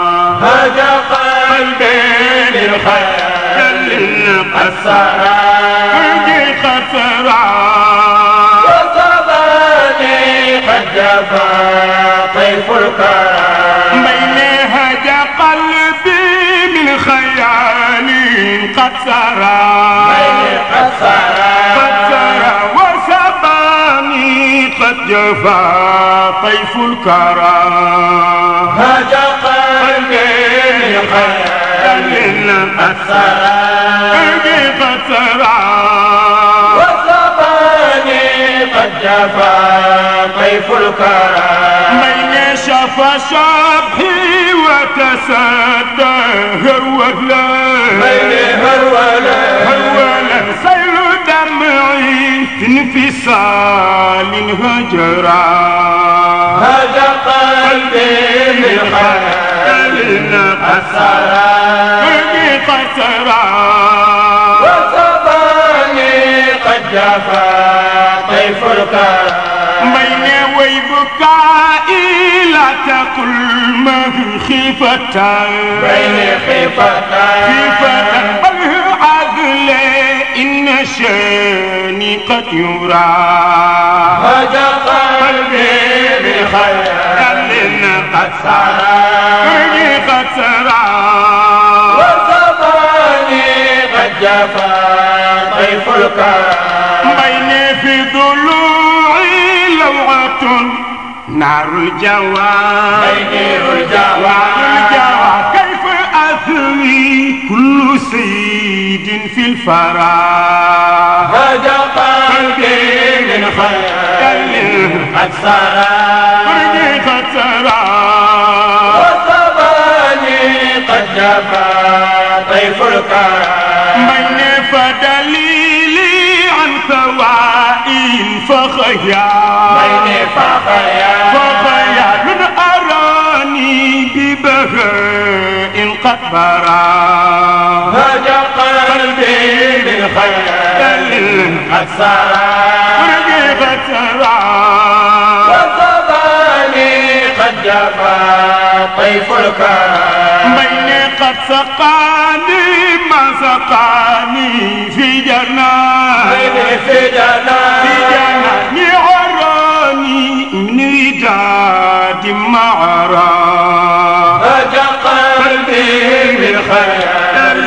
هدى قلبي للخيال قصرا عندي خسرا وصداني قد جفا طيف الكرم بين هدى قلبي من خيال قد سرى قد سرى وسباني قد جفا طيف الكرم هجر يقلل السلام قد قد جفا طيف الكرم من يشف شبحي وتسدى هرولا من هرولا هرولا سيل دمعي في انفصال هجرا هذا قلبي من خير القسرة قسرة وسطني قد جفا طيف الكرى بين ويبكائي لا تقل ما بين خيفتان خيفتان بل عذلي إن شاني قد يرى هجا قلبي بالخيال قد سرى فرقي قد سرى قد جفا طيف الكرى بيني في ضلوعي لوعة نار الجوى بيني الجوى الجوى كيف أثني كل سيد في الفرى هذا قلبي من خيال قد سرى فرقي قد سرى المصطفى طيف القرى من فدليلي عن سوائل فخيا من فخيا فخيا أراني ببهاء قد برا هجا قلبي بالخيال قد سرى رقيبة سرى وصداني قد جفا طيف الكرم من قد سقاني ما سقاني في جنان في جنان في جنان عراني من رداد معرى رجا قلبي بالخيال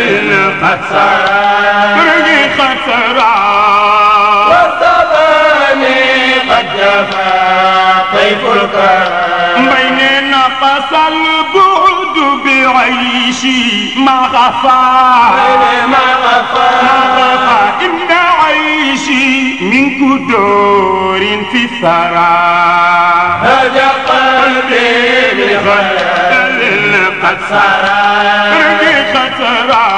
قد سرى رجي قد سرى والثماني قد جفا طيف الكرم خفى البعد بعيشي ما خفى ما خفى ما خفى إن عيشي من كدور في الثرى هذا قلبي بخيال قد سرى قد سرى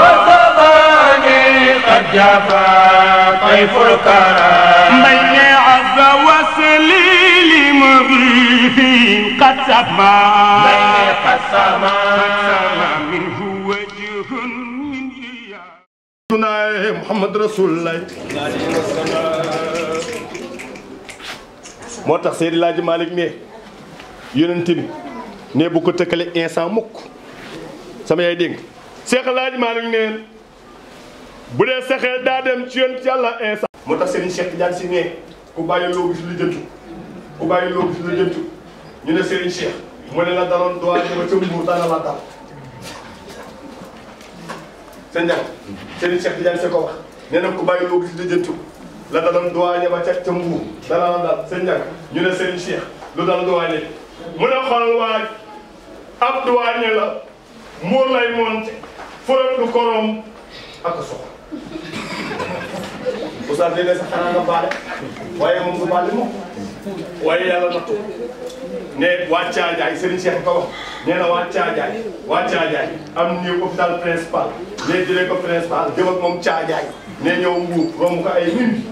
وصداني قد جفى طيف الكرى من عز وسلي لمغيب به قد سما قد سما منه وجه من محمد رسول الله moo tax Seydi Laaji Malick ne yonent bi ne bu ko tëkkale instant mukk sama yaay dégg Seex Laaji Malick ne bu dee saxeel daa dem ci yonent yàlla instant moo tax Serigne Cheikh Tidiane Sy ne ku bàyyi loo gis lu jëntu ku bàyyi loo gis lu jëntu ñu ne Serigne Cheikh mu ne la daloon doyen ba ca Mbour daal la dal sëñ Ndiaye Serigne Cheikh Tidiane Seck ko wax nee na ku bàyyi loo gis lijjanti ko la daloon doyen ba ca ca la dal sëñ Ndiaye ñu ne Serigne Cheikh lu dal doyen mu ne xool waaj ab doyen la muur lay monte fërët du korom ak soxla. Oustaz léeg-léeg sax xanaa nga baale waaye moom nga baale moom ne waa Caajaay Serigne Cheikh ko wax nee na waa Caajaay waa Caajaay am ni hôpital principal ne jëlee ko principal jëm ak moom Caajaay ne ñëw Mbuur romb ko ay minutes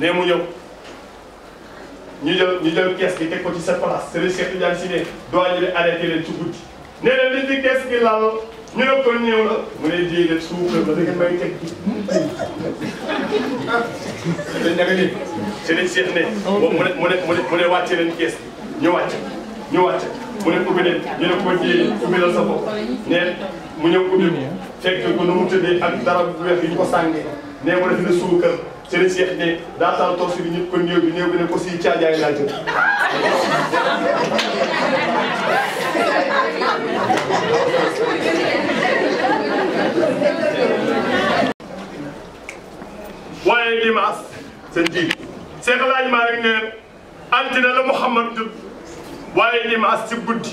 ne mu ñëw ñu jël ñu kees gi teg ko ci sa place Serigne si ne doyen bi arrêté leen ci guddi nee na kees gi lal ñu ne ko ñëw la mu ne déedéet suukar la da ngeen may teg ci. ah dañ naka dégg sëriñ Cheikh ne mu ne mu ne mu ne ne ubbi leen ko déedéet ubbi la sa bopp ne mu ñëw ubbi ko fekk ko nu mu tëddee ak dara bu weex yi ko sàngee ne mu ne dina suukar sëriñ Cheikh ne daa taal bi ñëpp ko néew bi néew bi ne ko si caajaay laa waaye dimanche seen jiir Cheikh El Hadj Malick ne altine la Mouhamad tudd waaye dimanche ci guddi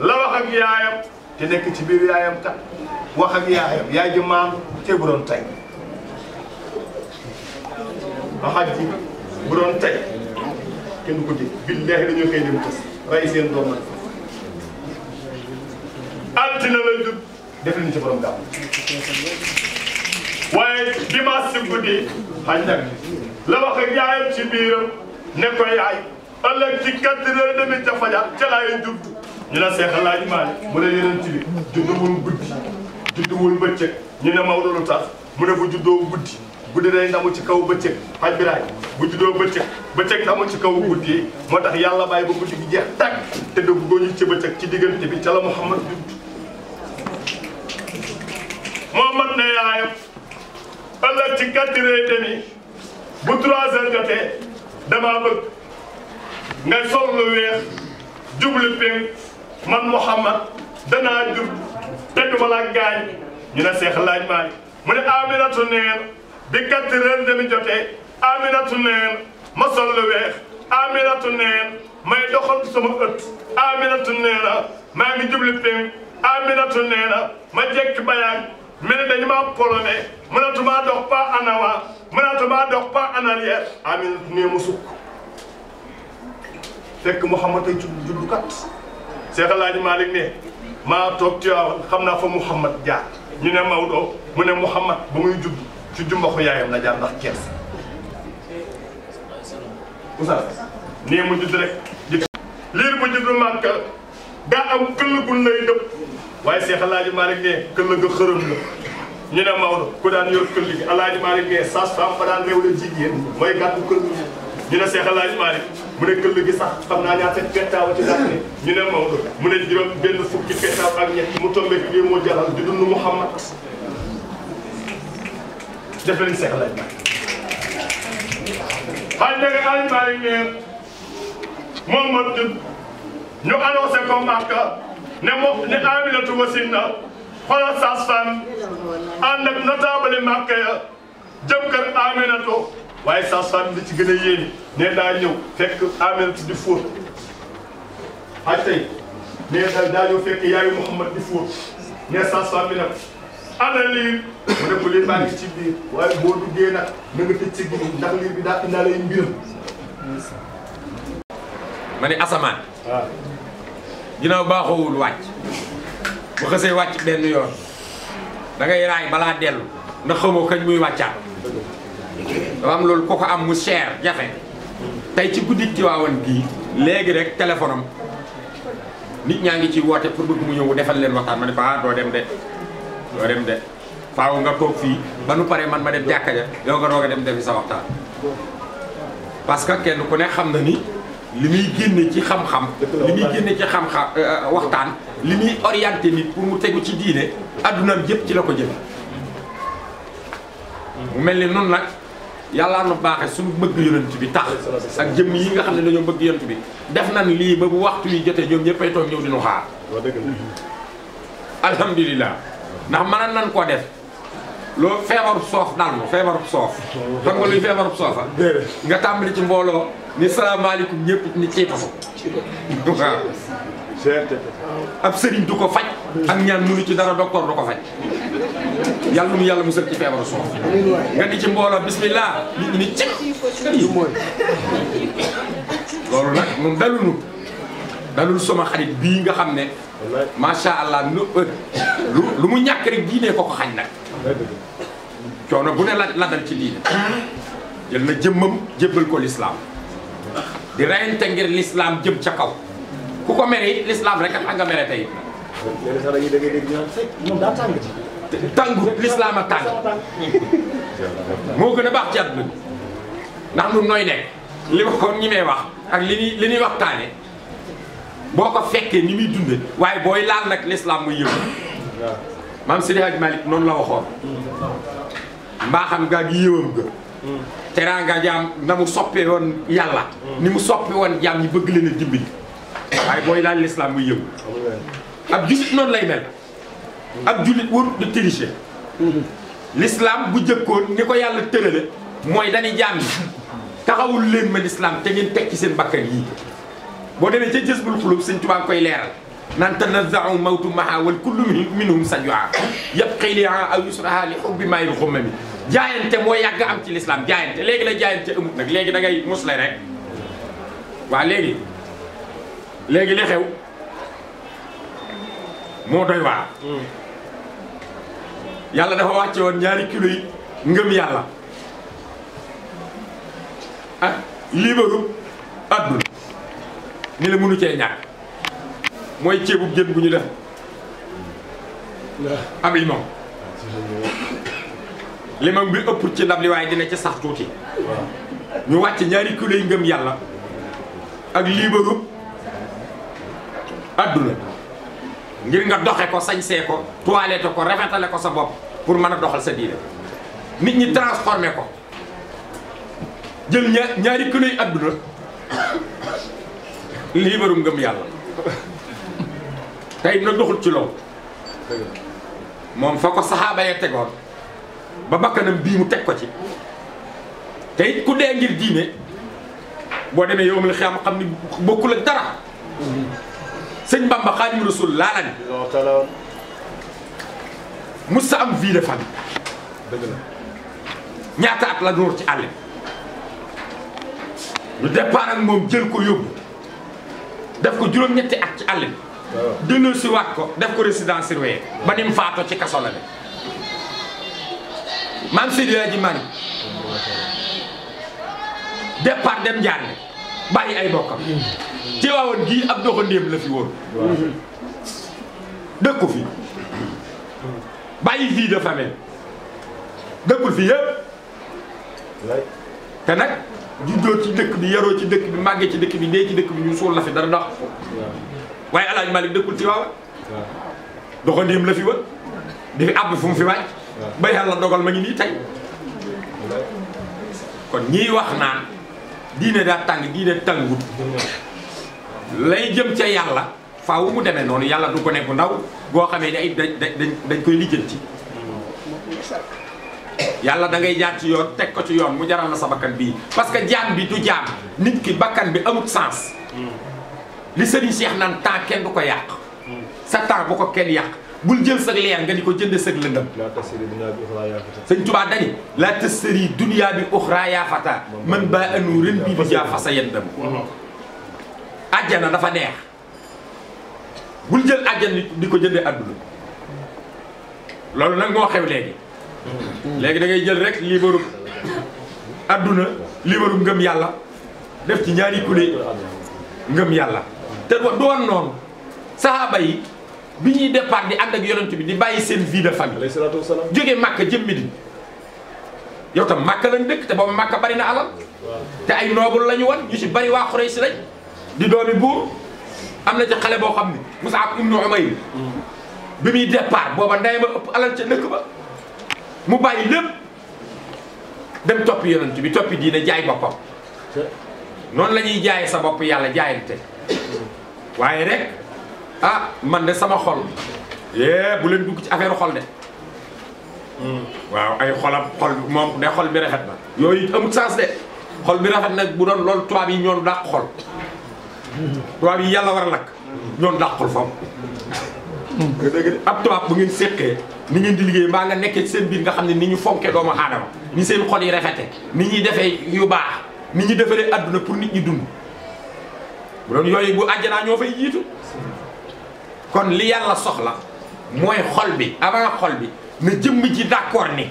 la wax ak yaayam te nekk ci biir yaayam kat wax ak yaayam yaay ji te bu doon tey waxaat ji bu doon tey kenn du ko dégg billahi dañoo koy rey seen doom ak la dugg def nañu ci borom gaaw waaye dimanche si guddi xaj la wax ak ci biiram ne ko yaay ci quatre heures demi ca fajar ca laay judd ñu ne Seex Alaaji Maalik mu ne yeneen ci bi judduwul guddi judduwul bëccëg ñu ne Maodo lu tax mu ne bu juddoo guddi guddi day ndamu ci kaw bëccëg xaj bi raay bu juddoo bëccëg bëccëg ndamu ci kaw guddi yi moo tax yàlla bàyyi ba guddi gi jeex tàkk te dugg góoñu ci bëccëg ci diggante bi ca la Muhammad judd Muhammad ne yaayam ëllëg ci quatre heures et demie bu trois nga sol lu weex jublu pénk man Mouhamad danaa jub tegguma gaañ ñu ne Seex laaj maa mu ne Aminatu neen bi quatre heures et demie jotee ma sol lu weex Aminatu neen may doxal ëtt Aminatu nee na maa ngi jublu pénk Aminatu nee ma jekk bayaan mel ni dañu maa polone mënatumaa dox pas en avant mënatumaa dox pas en arrière amin nee mu sukk fekk Mouhamad ay judd juddukat Seex Alaaji Maalik ne maa toog Tiwaawan xam naa fa Mouhamad jaar ñu ne Maodo mu ne Mouhamad ba muy judd ci jumbaxu yaayam la jaar ndax kees usa nee mu judd rek liir bu judd màkka gaa am këllugul lay dëpp waaye Seex Alaaji Maalik ne këll nga xërëm la ñu ne Maodo ku daan yor këll gi Alaaji Maalik ne sage-femme ba daan réew la jigéen mooy gàddu këll ñu sax xam naa ñaata pettaaw ci daan ne ñu ne Maodo mu ne juróom benn fukki pettaaw ak ñett mu tombé bii moo jaral di dund Muhammad def nañu Seex Alaaji Maalik xaaj na nga Alaaji Maalik ne moom ma ñu annoncé ko Makka ne mo ne Aminatu wasin na xoolal saas femme ànd ak notable màkk ya jëm kër Aminatu waaye saas femme li ci gëna a yéene nee daa ñëw fekk Aminatu di fóot ak tey nee fekk yaayu Mouhamad di fóot nee saas femme bi nag liir mu ne liir baa ngi ci waaye boo duggee nag na nga tëj ci biir ndax liir bi daa indaale mbiram ma ne asamaan ah. ginnaaw baaxoowul wàcc bu xësee wàcc benn yoon da raay balaa dellu ndax xamoo kañ muy wàccaat dafa am loolu ko ko am mu cher jafe tey ci guddi Tiwaawan gii léegi rek téléphone am nit ñaa ngi ci woote pour bëgg mu ñëw defal leen waxtaan ma ne ko ah, doo dem de doo dem de faaw nga toog fii ba nu pare man ma dem jàkka ja yow nga doog a dem defi sa waxtaan parce kenn ku ne xam na ni li muy génne ci xam-xam li muy génne ci xam euh, euh, waxtaan li muy orienté nit pour mu tegu ci diine addunaam yëpp ci la ko jëme mu mel ni noonu nag yàllaa nu baaxe suñu bëgg yonent bi tax ak jëm yi nga xam ne dañoo bëgg yonent bi def nan lii ba bu waxtu yi jotee ñoom ñëppay toog ñëw di nu xaar alhamdulilah ndax mën nan koo def loo feebaru soof daanu ma feebaru soof xam luy feebaru soofa ah? nga tàmbali ci mbooloo ni salaamaaleykum ñëpp ni ciy taxaw. ab sëriñ du ko faj. ak ñaan mënu ci dara docteur du ko faj. yàlla mu yàlla musal ci feebaru soof nga ni ci mbooloo bismillah nit ñi ni ci loolu nag ñun dalunu dalul sama xarit bii nga xam ne macha allah lu mu ñàkk rek diine ko ko xañ nag coono bu ne la la dal ci diine jël na jëmmam jébbal ko lislaam di reyante ngir l'islam jëm ca kaw ku ko mere it l'islam rek a nga mere tey. léegi sax dañuy a tàng moo gën a baax ci àdduna ndax ñun nooy nekk li ma ko ñi may wax ak li ñuy li ñuy waxtaane boo ko fekkee ni muy dunde waaye booy laal nag lislaam muy yëngu maam Seydi Hadji Malick noonu la waxoon mbaaxam gaa gi yëwam ga teraanga jaam na mu soppee woon yàlla ni mu soppi woon jaam ñi bëgg leen a dimbali waaye booy lislaam muy yëngu ab julit noonu lay mel ab julit warut di tricher lislaam bu jëkkoon ni ko yàlla tërale mooy dañuy jaam yi taxawul leen ma lislaam te ngeen tekki seen bakkan yii boo demee ca jësbul xulub sëñ tubaab koy leeral nan tanazaau mawtu maha wal kullu minhum sajoa yabqi liha aw yusraha li xubbi maayil xummami jaayante moo yàgg am ci lislaam jaayante léegi la jaayante amut nag léegi da ngay musle rek waa léegi léegi li xew moo doy waar yàlla dafa wàcce woon ñaari kilo yi ngëm yàlla ak liibaru adduna ni la mënu cee ñàkk mooy ceebub jën bu ñu def am limon limon bi ëpp ci ndab li waaye dina ci sax tuuti ñu wàcc ñaari kilo yi ngëm yàlla ak liibarub adduna ngir nga doxe ko sañsee ko toilette ko rafetale ko sa bopp pour mën a doxal sa diine nit ñi transformé ko jël ña ñaari kilo yi adduna liibarum ngëm yàlla tey na doxul ci loolu moom fa ko saxaaba tegoon ba bakkanam bii mu teg ko ci te it ku dee ngir diine boo demee yow mi la xam xam ni bokkul ak dara sëñ Bamba Xaadimu Rasuul laa la mus sa am vie de famille dëgg la ñaata at la door ci àll ñu départ ak moom jël ko yóbbu def ko juróom-ñetti at ci àll bi delloosi waat ko def ko résidence surveillée ba ni mu faatoo ci kaso la maam Seydi Hadji Malick départ dem jàng bàyyi ay bokkam ci waawoon gii ab doxandéem la fi woon dëkku fi bàyyi vie de famille dëkkul fi yëpp te nag juddoo ci dëkk bi yaroo ci dëkk bi màggee ci dëkk bi dee ci dëkk bi ñu suul la fi dara dox waaye El Hadj Malick dëkkul ci waawoon la fi woon dafi àbb fu mu fi wàcc ba yalla dogal ma ngi ni tay kon ñi wax na diine da tang diine tangut lay jëm yalla fa wu mu demee non yalla du ko nekk ndaw go xamé ni ay dañ koy dañ ci yalla da ngay jaar ci yoon tek ko ci yoon mu jaral la sa bakkan bi parce que jaam bi du jaam nit ki bakkan bi amut sens li sëriñ Cheikh nan ta kenn du ko yaq sa ta bu ko kenn yaq bul jël sax leer nga diko ko jënd sa lëndam la tasiri dunya bi ukhra ya fata seigne touba dani la tasri dunya bi ukhra ya fata man ba anu ren bi bi ja fasa yendam aljana dafa neex bul jël aljana diko jëndé aduna lolu nak mo xew legi legi da ngay jël rek liberu aduna liberu ngëm yalla def ci ñaari kulé ngëm yalla té do non sahaba yi bi ñuy départ di ànd ak yonent bi di bàyyi seen vie de famille. alayhi salaatu wa salaam jógee Màkka jëm Medine yow tam Màkka lañ dëkk te boobu Màkka bari na alal. te ay noobul lañu ñu wan ñu ci bari waa Xuraysi lañ. di doomi buur am na ci xale boo xam ni Mus'ab ibnu Umayr mm. bi muy départ booba ndey ma ëpp alal ca dëkk ba mu bàyyi lépp dem toppi yonent bi toppi diine jaay boppam. noonu la ñuy jaayee sa bopp yàlla jaayante mm. waaye rek. ah man de sama xol yee bu leen dugg ci affaire xol de hmm, waaw ay xolam xol moom de xol bi rafet na yooyu it amul de xol bi rafet nag bu doon loolu tubaab yi ñoon dàq xol tubaab yi yàlla war a lakk ñoon dàq xol fam ab bu ngeen séqee ni ngeen liggéey mbaa nga nekkee ci seen nga xam ne ni ñu fonkee doomu aadama ni seen xol yi rafete ni ñuy defee yu baax ni ñuy defaree adduna pour nit ñi dund bu doon yooyu bu àjjanaa ñoo fay jiitu kon li yàlla soxla mooy xol bi avant xol bi na jëmm ji d'accord ni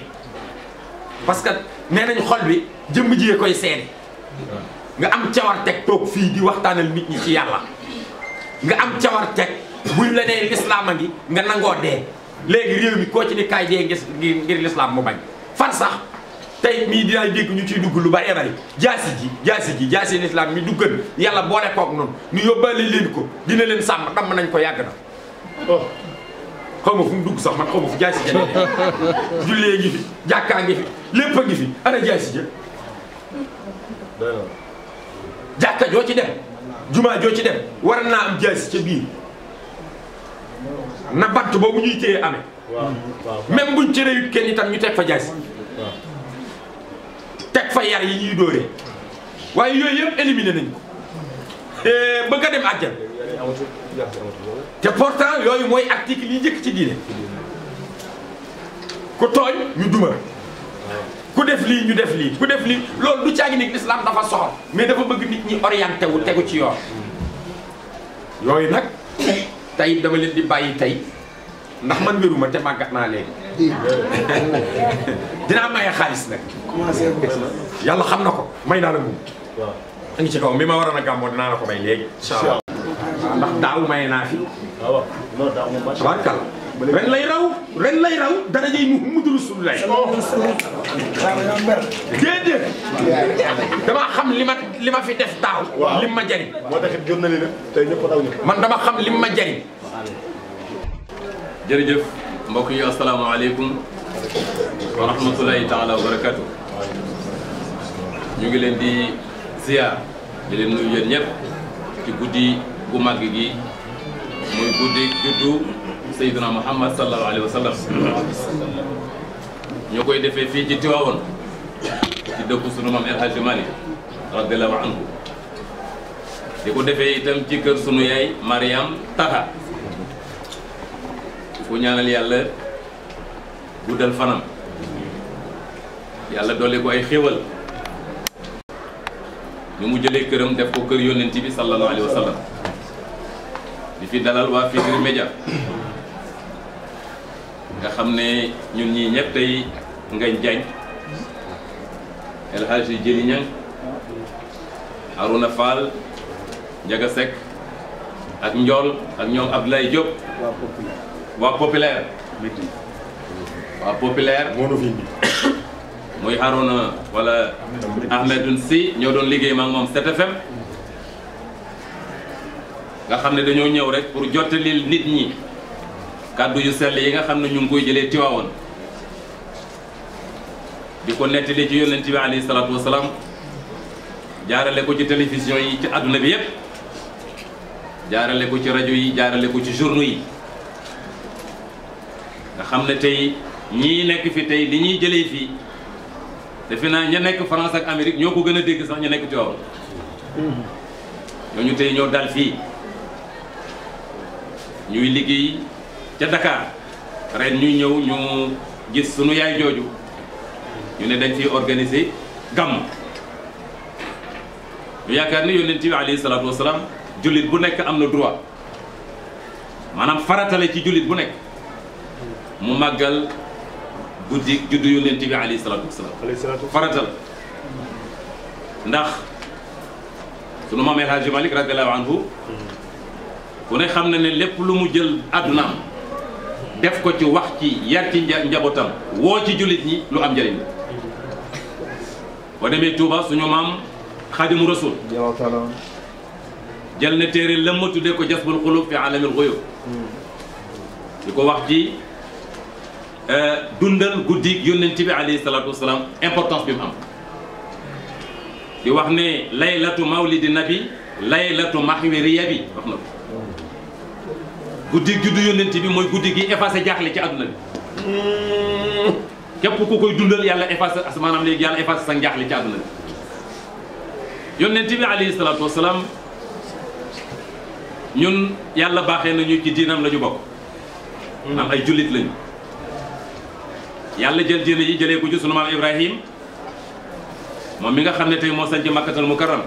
parce que nee nañ xol bi jëmm jiyee koy seede nga am cawarteg toog fii di waxtaanal nit ñi ci yàlla nga am cawarteg buñ la nee lislaam a ngi nga nangoo dee léegi réew mi koo ci ni kaay dee ngir ngir lislaam mu bañ fan sax tey mii dinaa dégg ñu ciy dugg lu bari bari jaasi ji jaasi ji jaasi lislaam mi duggan yàlla boole koog noonu ñu yóbbaale leen ko dina leen sàmm damm nañ ko yàgg na Oh. xaw ma fu mu dugg sax man xaw ma fu jaay si jënd jullee ngi fi jàkkaa ngi fi lépp a ngi fi ana jaay si jë jàkka joo ci dem jumaa joo ci dem war naa am jaay si ca biir na batt boobu ñuy téye amee même buñ cëree yut kenn itam ñu teg fa jaay si teg fa yar yi ñuy dóoree waaye yooyu yëpp éliminé nañ ko eh, bëgg a dem àjjal te pourtant yooyu mooy article yi njëkk ci diine ku tooñ ñu duma ku def lii ñu def lii ku def lii loolu du caagi nit l'islam dafa soxor mais dafa bëgg nit ñi orienté wu tegu ci yoon yooyu nag tey dama leen di bàyyi tey ndax man wéruma te màggat naa léegi dinaa maye xaalis nag yàlla xam na ko may naa la mbubb a ngi ci kaw mi ma waroon a gàmmoo dinaa la ko may léegi incha allah ndax daaw maye naa fi waaw ren lay raw ren lay raw daraja yi Muhammadu Rasulullah déedéet dama xam li lima li ma fi def taaw li ma jariñ moo taxit gëm na li nag tey ñëpp daw man dama xam li ma jariñ jërëjëf mbokk yi asalaamaaleykum wa rahmatulahi taala wa barakatu ñu ngi leen di ziar di leen nuyu yéen ñëpp ci guddi gu màgg gi موي غوديك جدو سيدنا محمد صلى الله عليه وسلم نيوكاي ديفي في جي تيواون تي دكو سونو مام الحاج مالك رضي الله عنه ديكو ديفي في تي كير سونو ياي مريم تاها كو نيانال يالا غودال فانام يالا دوليكو اي خيوال نيمو جيلي كيرم ديف كو كير صلى الله عليه وسلم di fi dalal waa Fidjiri Média nga xam ne ñun ñii ñëpp tey Ngagne Diagne El Hadji Jëli Ñang Arouna Fall Ndiaga Seck ak Ndiol ak ñoom Abdoulaye Diop waa populaire waa populaire muy Arouna wala Ahmedoune Sy ñoo doon liggéey ma moom 7 FM nga xam ne dañoo ñëw rek pour jottalil nit ñi kàddu yu sell yi nga xam ne ñu ngi koy jëlee Tiwaawoon di ko nettali ci yonent bi alayhi salaatu wasalaam jaarale ko ci télévision yi ci àdduna bi yépp jaarale ko ci rajo yi jaarale ko ci journaux yi nga xam ne tey ñii nekk fi tey li ñuy jëlee fii defe naa ña nekk France ak Amérique ñoo ko gën a dégg sax ña nekk Tiwaawoon hmm. ñooñu tey ñoo dal fii ñuy liggéey ca Dakar ren ñu ñëw ñu gis sunu yaay jooju ñu ne dañ fiy organiser gàmm ñu yaakaar ni yonent bi alayhi salaatu wasalaam jullit bu nekk am na droit maanaam faratale ci jullit bu nekk mu màggal guddi juddu yonent bi alayhi salaatu wasalaam faratal ndax sunu maam El Hadji Malick radiyallahu kune ne ne lépp lu mu jël aduna def ko ci wax ci yar ci njabootam woo ci julit ñi lu am jariñ bo demé Touba suñu mam khadimu rasul jël na téré lamma tuddee ko jasbul qulub fi alamil xuyub di ko wax ci dundal guddik yonnati bi alayhi salatu wassalam importance bi mu am di wax ne laylatu mawlidin nabi laylatu mahwiriyabi waxna ko guddi juddu yónnent bi mooy guddi gi effacé jaaxle ci àdduna bi képp ku koy dundal yàlla effacé as maanaam léegi yàlla effacé sa njaaxle ci àdduna bi yónnent bi alayhi salaatu wasalaam ñun yàlla baaxee nañu ci diinam la ñu bokk am ay jullit lañu yàlla jël diine yi jëlee ko ci sunu Ibrahim moom mi nga xam ne tey moo sanc makkatal mukarram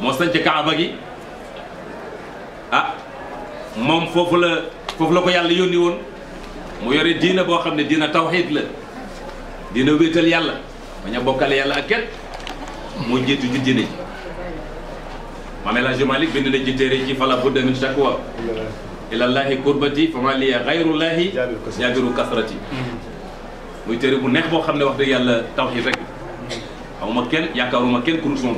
moo sanc kaaba gi ah, moom foofu la foofu la ko yàlla yónni woon mu yore diina boo xam ne diina tawxiid la diina wéetal yàlla bañ a bokkale yàlla ak kenn moo njiitu ci diina ji maam El Hadj Malick bind ci téere ci fala min shakwa ilallahi kurbati fama gayrullahi jaabiru kasrati muy téere bu neex boo xam ne wax dëgg yàlla tawxiid rek xamuma kenn yaakaaruma kenn ku dul sama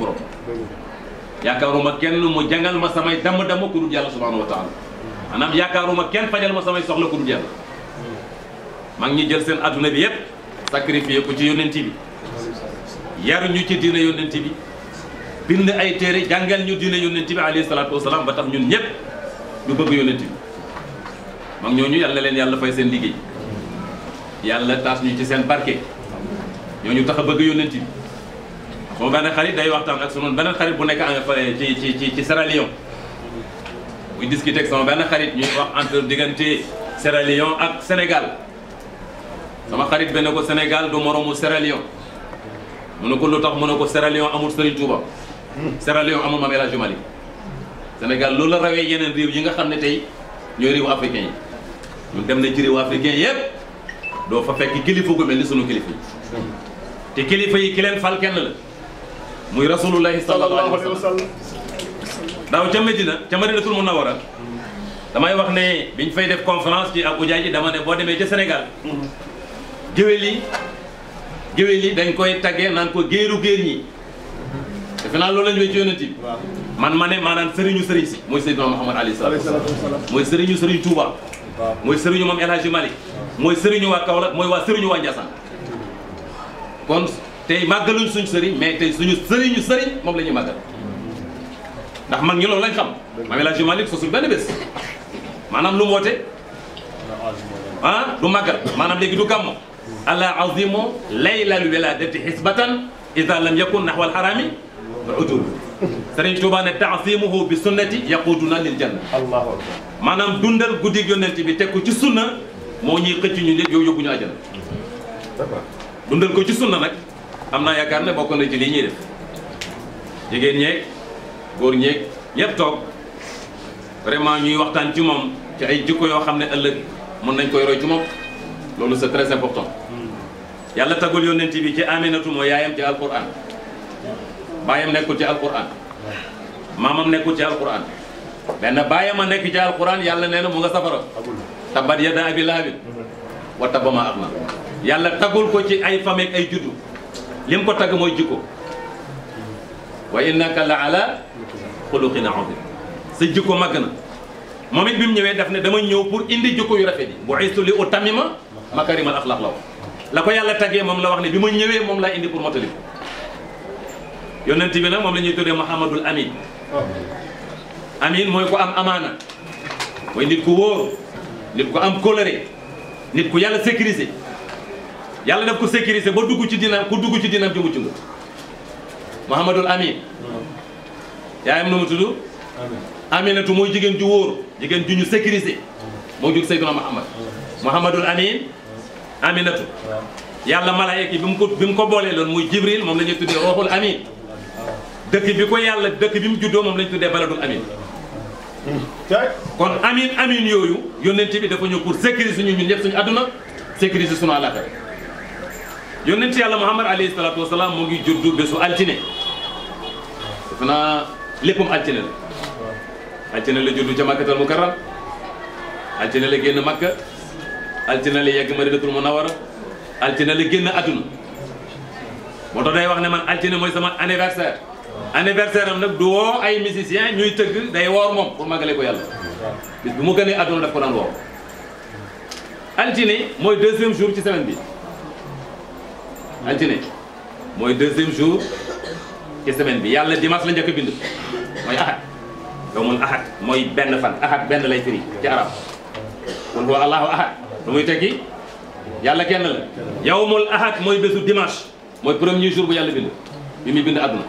yaakaaruma kenn mu jàngal ma samay damm-damm ku yàlla subhanahu wa maanaam yaakaaruma kenn fajal ma samay soxla ku dul yàlla mag ñi jël seen àdduna bi yépp sacrifié ko ci yónnent bi yar ñu ci diine yónnent bi bind ay téere jàngal ñu diine yónnent bi alayhi salaatu wasalaam ba tax ñun ñëpp ñu bëgg yónnent bi mag ñu yàlla leen yàlla fay seen liggéey yàlla taas ñu ci seen barke ñooñu ñu a bëgg yónnent bi sama benn xarit day waxtaan ak sunu beneen xarit bu nekk en ci ci ci Sierra Leone muy discuter ak sama benn xarit ñuy wax entre diggante Sierra Leone ak Sénégal sama xarit benn ko Sénégal du moromu Sierra Leone mu ne ko lu tax mu ne ko Sierra Leone amul Serigne Touba Sierra Leone amul Mame El Hadji Malick Sénégal loolu la rawee yeneen réew yi nga xam ne tey ñooy réewu africain yi ñun dem nañ ci réewu africain yépp doo fa fekk kilifa gu mel ni sunu kilifa yi te kilifa yi ki leen fal kenn la muy rasulullahi sallallahu alayhi wa sallam daaw ca Medina ca Madinatul Munawwara damay wax ne biñ fay def conférence ci Abuja ji dama ne boo demee ca Sénégal géwél yi géwél yi dañ koy taggee naan ko géeru géer ñi defe naa loolu lañu wee ci yonent bi man ma ne maanaam sëriñu sëriñ si mooy Seydina Muhammad alayhi salaatu wasalaam mooy sëriñu sëriñ Touba mooy sëriñu moom El Hadji Malick mooy sëriñu waa Kaolack mooy waa sëriñu waa Ndiassane kon tey màggaluñ suñu sëriñ mais tey suñu sëriñu s moom la ñuy màggal ndax man ñu loolu lañ xam maam la Hadji Malick sosul benn bés maanaam lu mu woote ah du màggal maanaam léegi du gàmmo ala azimu laylal wiladati xisbatan ida lam yakun nahwa al harami alxarami udul sëriñ Tuubaa ne taasimuhu bi sunnati yaquduna lil janna allahu akbar maanaam dundal guddig yonent bi teg ci sunna moo ñuy xëcc ñu nit yow yóbbu ñu àjjana dundal ko ci sunna nag am naa yaakaar ne bokk na ci li ñuy def jigéen ñeeg góor ñeeg ñëpp toog vraiment ñuy waxtaan ci moom ci ay jikko yoo xam ne ëllëg mën nañ ko roy ci moom loolu c'est très important hmm. yàlla tagul yónnent bi ci aminatu mooy yaayam ci alquran baayam nekkul ci alquran maamam nekkul ci alquran benn baayam a nekk ci alquran yàlla nee na mu nga safara tabat yada abi lahabin wa tabama ak na yàlla tagul ko ci ay fameek ay juddu lim ko tagg mooy jikko wa innaka la ala xuluqin azim sa jikko màgg na moom it bi mu ñëwee daf ne dama ñëw pour indi jikko yu rafet yi bu'istu li utammima makarimal axlaaq la wax la ko yàlla taggee moom la wax ne bi ma ñëwee moom laa indi pour motali ko yonent bi nag moom lañuy ñuy tuddee Muhammadul Amin Amin mooy ko am amaana mooy nit ku wóor nit ku am coloré nit ku yàlla sécurisé yàlla daf ko sécurisé ba dugg ci dinaam ku dugg ci dinaam ci mucc nga Muhammadul Amin yaayam na mu tudd aminatu mooy jigéen ju wóor jigéen ju ñu sécurisé moo jur Seydina Muhammad Muhammadul Amin aminatu yàlla malaayka bi mu ko ko boolee loon muy Jibril moom la ñuy tuddee Ruuxul Amin dëkk bi ko yàlla dëkk bi mu juddoo moom la ñu tuddee Baladul Amin kon amin amin yooyu yónnent bi dafa ñëw pour sécuriser ñu ñun ñëpp suñu àdduna sécuriser suñu àllaaxira ti yàlla Muhammad alayhi salaatu wasalaam mu ngi juddu bésu altine léppam altine la la juddu ca makkatal mukarram altine la génn makka altine la yegg madinatul munawara altine la génn adduna moo tax day wax ne man altine mooy sama anniversaire anniversaire am du woo ay musicien ñuy tëgg day woor moom pour màggale ko yàlla bis bu mu gënee adduna daf ko daan woor altine mooy deuxième jour ci semaine bi altine mooy deuxième jour ci semaine bi yàlla dimanche la njëkk a bind mooy ahad yowmul ahad mooy benn fan ahad benn lay firi ci arab qul huwa allahu ahad lu muy tekki yàlla kenn la yowmul ahad mooy bésu dimanche mooy premier jour bu yàlla bind bi muy bind àdduna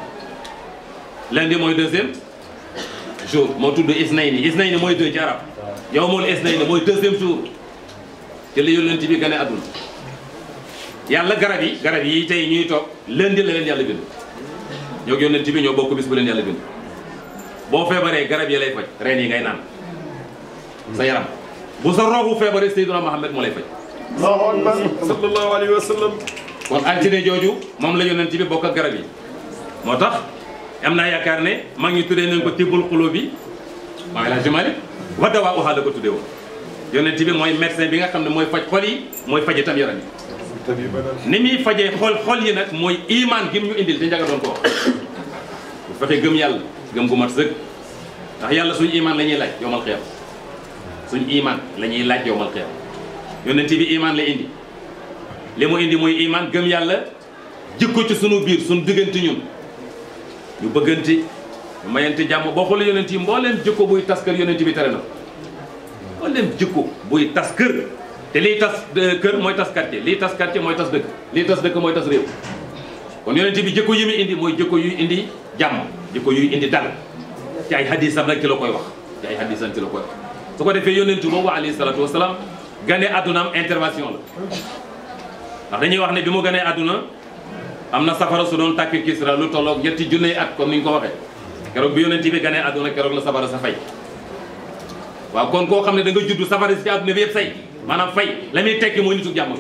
lundi mooy deuxième jour moo tudd isnayni isnayni mooy deux ci arab yowmul isnayni mooy deuxième jour ci la yonent bi gane àdduna yàlla garab yi garab yi tey ñuy toog lundi la leen yàlla bind ñok yonent bi ñoo bokku bis bu len yalla bind bo febaré garab ya lay fajj reñ yi ngay naan sa yaram bu sa roobu febaré sayyiduna Muhammad mo lay fajj sallallahu alaihi wasallam. sallam kon altine jooju moom la yonent bi bokk garab yi motax amna yakar ne maa ngi tudé nañ ko tibul qulubi ma la ngi jumali wa dawaa la ko tudé won yonent bi moy médecin bi nga xamné ne fajj xol yi mooy yaram ni muy fajee xool xol yi nag mooy iman gim ñu indil te njaga doon ko wax bu fekkee gëm yàlla gëm gu mat sëg ndax yàlla suñ iman la ñuy laaj yowmal xiyam suñu iman lañuy laaj yowmal xiyam yonent bi iman la indi li mu indi mooy iman gëm yàlla jikko ci sunu biir sunu diggante ñun ñu bëggante ñu mayante jàmm boo xoolee yonent yi mbooleem jikko buy tas kër yonent bi tere na mbooleem buy tas kër te liy tas e, kër mooy tas quartier liy tas quartier mooy tas dëkk lii tas dëkk mooy tas réew kon yonent bi jikko yi muy indi mooy jëkko yuy indi jàmm jikko yuy indi dal ci ay hadisam rek ci koy wax ci ay hadisam ci la koy wax su ko defee yonent boobu alayhi salaatu wasalaam gane àdduna am intervention la ndax dañuy wax ne bi mu ganee àdduna am na safara su doon tàkk Kisra lu tolloog ñetti junney at comme ni ko waxee keroog bi yonent bi ganee àdduna keroog la safara sa fay waaw kon koo xam ne da nga judd safara si àdduna bi yëpp maanaam fay la muy tekki mooy nitu jàmm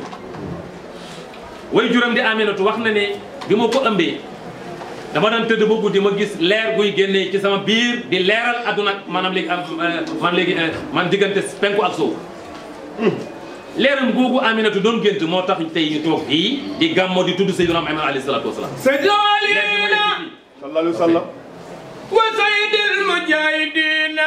way juram di Aminatu wax na ne bi ma ko ëmbee dama daan tëdd ba di ma gis leer guy génne ci sama biir di leeral àdduna maanaam léegi euh, man léegi euh, man diggante penku ak soow leeram googu Aminatu doon gént moo tax tey ñu toog fii di gàmmo di tudd Seydina Muhammad alayhi salaatu wa wa sallam mujahidina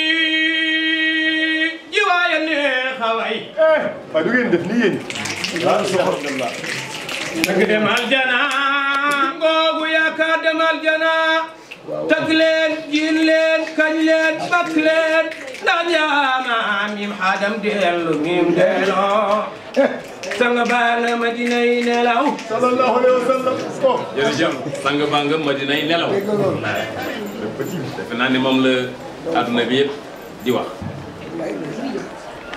saa waay. Eh, waaye du ngeen def nii yéen. alhamdulilah. nag dem aljana ngoogu yaakaar dem aljana. tag leen jiin leen kañ leen bakk leen ndax jaama miim xaadam dellu miim delloo. Eh. sanga baa nga madina yi nelaw. sallallahu alayhi wa sallam. Oh. jërëjëf sanga baa nga madina yi nelaw. defe naa ne moom la adduna bi yëpp di wax.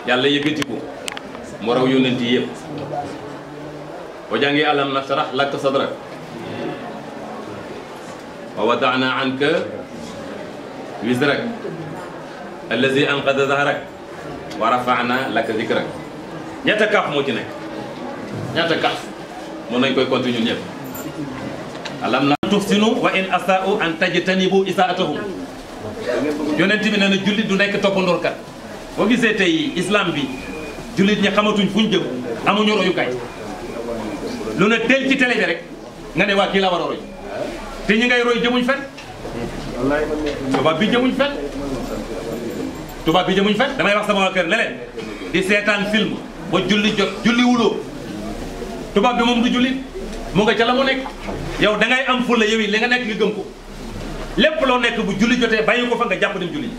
yàlla yëkkati ko mu raw yónnent yi yëpp boo alam nashrah laka sadrak wa wada'na anka wizrak allazi anqada zahrak wa rafa'na laka zikrak ñaata kaaf moo ci nekk ñaata kaaf mën nañ koy continuer ñëpp alam na tuhsinu wa in asa'u an tajtanibu isa'atahum yónnent bi nee na jullit du nekk toppandoorkat boo gisee tey islaam bi jullit ñi xamatuñ fuñ jëm amuñu royukaay lu ne teel ci télé bi rek nga ne waa kii la war a roy te ñi ngay roy jëmuñ fen tubaab bi jëmuñ fen tubaab bi jëmuñ fen damay wax sama waa kër ne leen di seetaan film ba julli jot julli wuloo tubaab bi moom lu jullit mu nga ca la mu nekk yow da ngay am fulla yow yi li nga nekk nga gëm ko lépp loo nekk bu julli jotee bàyyi ko fa nga jàpp dem julli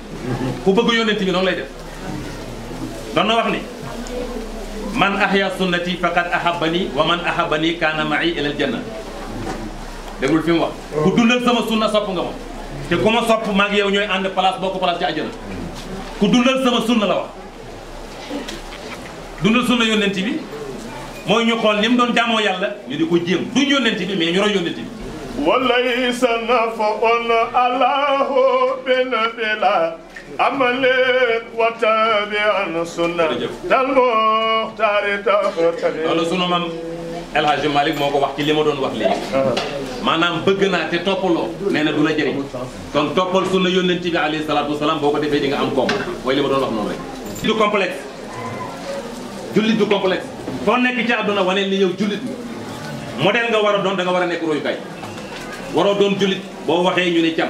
ku bëgg yónent bi noonu lay def دون واخني من احيا سنتي فقد احبني ومن احبني كان معي الى الجنه دغول فيم واخ كو دوندل سما سنة صوب غاما تي كوما صوب ماك ياو نيو اند بلاص بوكو بلاص جا جنه كو دوندل سما سنة لا واخ دوندل سنة يوننتي بي موي ني خول نيم دون جامو يالا ني ديكو جيم دو يوننتي بي مي ني رو يوننتي بي وليس نفع الله بنا بلا amalik wa tabi'an sunna dal muxtaari taxtani loolu sunu mam El Hadj Malick moo ko wax ci li ma doon wax léegi ah. maanaam bëgg naa te toppaloo nee na du la jëriñ kon toppal sunna yónnent bi alayhi salaatu wasalaam boo ko defee di nga am koom mooy li ma doon wax noonu rek du complexe jullit du complexe foo nekk ci àdduna wane ni yow jullit nga modèle nga war a doon da nga war a nekk royukaay waroo doon jullit boo waxee ñu ne cam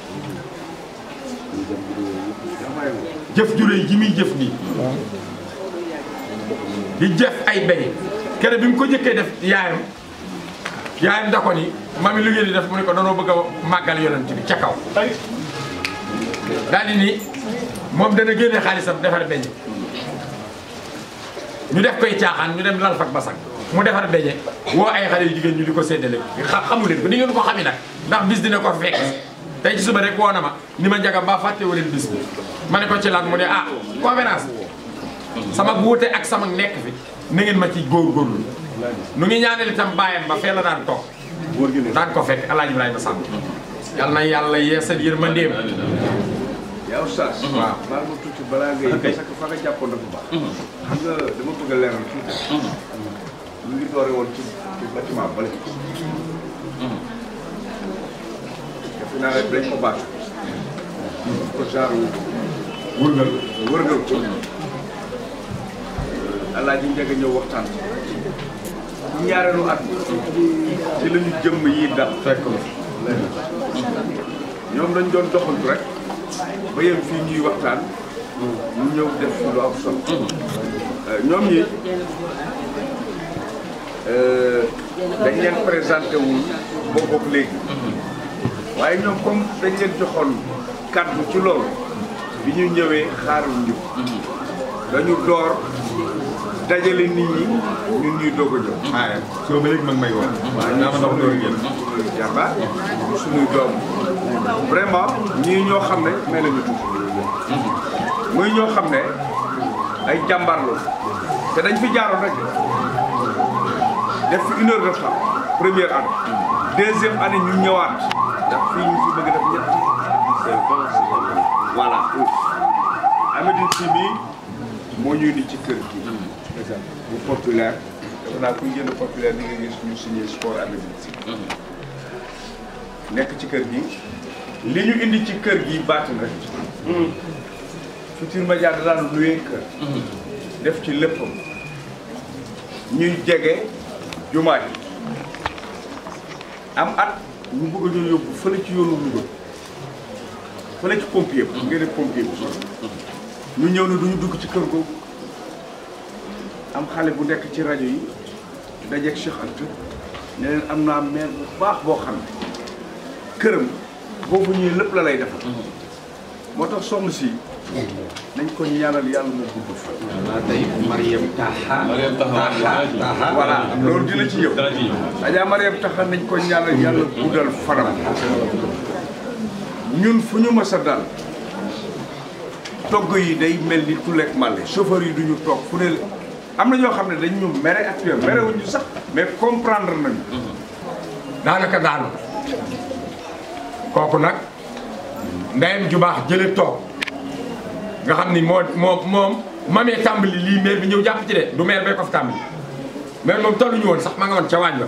jëf jure yi muy jëf nii di jëf ay beñe kere bi mu ko jëkkee def yaayam yaayam da ko ni mami lu ngeen di def mu ne ko danoo bëgg a màggal yonent bi ca kaw daal di ni moom dana génne xaalisam defar beñe ñu def koy caaxaan ñu dem lal fak basak mu defar beñe woo ay xale yu jigéen ñu di ko séddale xam xamu leen ko ni ngeen ko xami nag ndax bis dina ko fekk tey ci suba rek woo ma ni ma njaga mbaa fàttewu leen bis ma ne ko ci lan mu ne ah conférence sama wuute ak sama nekk fi na ma ci góor góorgóorlu nu ngi ñaanal itam bàyyam ba fee la daan toog daan ko fekk alaaji Ibrahima Samb yal na yàlla yeesal yërmandeem ma tuuti balaa ngay parce que fa nga jàppoon dafa baax mhm. xam nga dama mhm. ngi doore woon ci final rek dañ ko baax. ko genre wërngal wërngal ko. alaaji njëkk a ñëw waxtaan ci ñaareelu at ci la ñu jëmm yi dal fekk na ñoom dañ doon doxantu rek ba yem fii ñuy waxtaan ñu ñëw def lu am solo ñoom ñi euh, dañ leen présenté wul boo léegi waaye ñoom comme dañ leen joxoon kàddu ci loolu bi ñu ñëwee xaarul ñu dañu door dajale nit ñi ñun ñuy doog a jóg. waaye ah, soo ba ñoo xam ne suñuy doom vraiment ñii ñoo xam ne mel nañu tuuti. muy ñoo xam ne ay jàmbaar la te dañ fi jaaroon rek def fi une heure de temps première deuxième année ñu ñëwaat. ndax fii ñu moo ñu di ci kër gi hmm. bu populaire dafa naa kuy génn populaire di nga gis ñu signé sport Hamidou hmm. nekk ci kër gi li ñu indi ci kër gi baatu na hmm. Futurs Médias da daan luye kër def ci léppam ñuy jege jumaa ji am at mu bëgg a ñoo yóbbu fële ci yoonu Louga fële ci pompier bi ngeen ne pompier bi ñu ñëw ne duñu dugg ci kër googu am xale bu nekk ci rajo yi dajeeg Cheikh Anta leen am naa maire bu baax boo xam ne këram boo fa ñëwee lépp la lay defal moo tax sonn si nañ ko ñaanal yàlla na gudd fa. waaw tey Mariam Taha. Mariam Taha Taha voilà loolu dina ñun fu ñu mës a togg yi day mel ni tout lekk màlle chauffeur yi duñu toog fu ne am na ñoo xam ne dañ ñu mere actuel mere sax mais comprendre nañu. daanaka daanu kooku nag ndeyam ju baax jële toog. nga xam ni moo moo moom mamee tàmbali lii maire bi ñëw jàpp ci de du maire bee ko fi tàmbali maire moom tolluñu woon sax ma nga woon ca waañ ba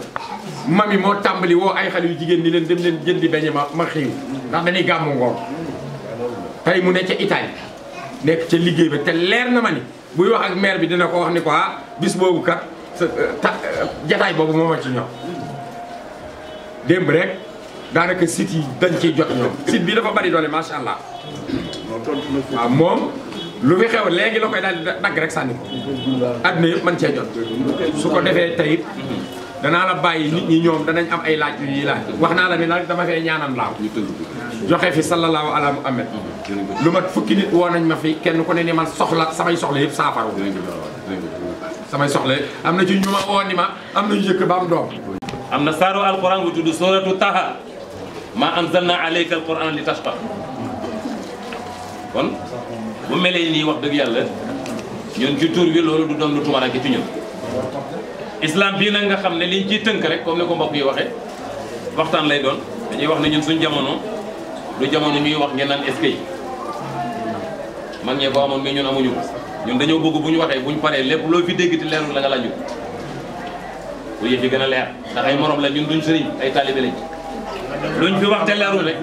mami moo tàmbali woo ay xale yu jigéen ni leen dem leen jëndi beñe ma ma xiiw ndax dañuy gàmmu ngoon mu ne ca Italie nekk ca liggéey ba te leer na ma ni buy wax ak bi dina ko wax ni ko ah, bis boobu kat euh, ta euh, jataay boobu moo ma ci ñoom démb rek daanaka yi dañ ciy jot ñoom site bii dafa bari doole macha allah waaw moom lu fi xew léegi la koy daal di dagg rek sànni ko adduna man cee su ko defee tey danaa la bàyyi nit ñi ñoom danañ am ay laaj yu ñuy laaj wax naa la ne nag dama fee ñaanal laaw joxe fi sallallahu ala muhammad lu mat fukki nit woo nañ ma fi kenn ku ne ni man soxla samay soxla yëpp saafaru samay soxla am na ci ñu ma oo ni ma am na ñu jëkk ba am doom am na saaru alquran bu tudd suratu taha ma anzalna alayka alquran li tashqa kon bu melee nii wax dëgg yàlla ñun ci tur bi loolu du doon lu tumarake ci ñun islam bii nag nga xam ne liñ ciy tënk rek comme ni ko mbokk yi waxe waxtaan lay doon dañuy wax ne ñun suñ jamono du jamono ñuy wax ngeen naan eskay mag ñee ko amoon mais ñun amuñu ñun dañoo bëgg bu ñu waxee bu ñu paree lépp loo fi dégg te leerul nanga nga laaju bu yëf gën a leer ndax moroom la ñun duñ sëriñ ay taalibe lañ luñ fi wax te leerul rek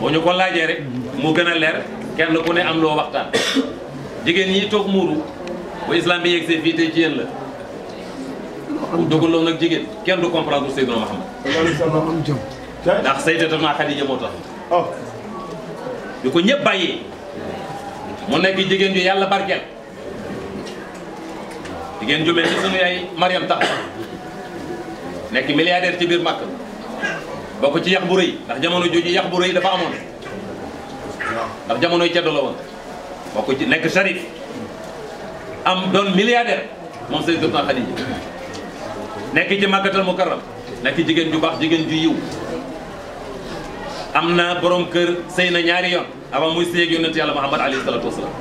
boo ñu ko laajee rek mu gën a leer kenn ku ne am loo waxtaan jigéen ñi toog muuru bu islam bi yegsee fii tey ci yéen la bu dugaloo nag jigéen kenn du comprendre Seydina Muhammad ndax Sayyidatuna Xadija moo tax bi oh. ko ñëpp bàyyi mu nekk jigéen ju yàlla barkeel jigéen ju mel ni sunu yaay Mariam tax nekk milliardaire ci biir Makka bokk ci yax bu rëy ndax jamono jooju yax bu rëy dafa amoon ndax jamonoy ceddo la woon boo ko nekk sharif am doon milliardaire moom Sayyidatuna Xadija nekk ci màggatal mukarram nekk jigéen ju baax jigéen ju yiw am na borom kër sëy na ñaari yoon avant muy sëy ak yonent yàlla Muhammad alayhi salaatu wasalaam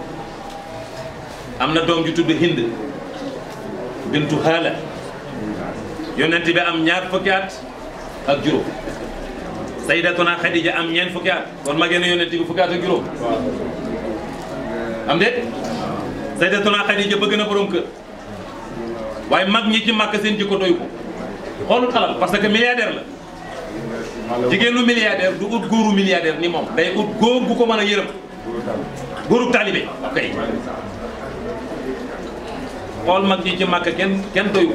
am na doom ju tudd Hind bintu Haala yonent bi am ñaar fukki at ak juróom sayyidatuna Xadija am ñeent fukki at kon ma gën a yónnee fukki at ak juróom am déet sayyidatuna Xadija bëgg na borom kër waaye mag ñi ci màkk seen jikko doy ko xoolul xalam parce que milliardaire la jigéenu milliardaire du ut góoru milliardaire ni moom day ut góor bu ko mën a yërëm góorub taalibe ok xool mag ñi ci màkk kenn kenn doyu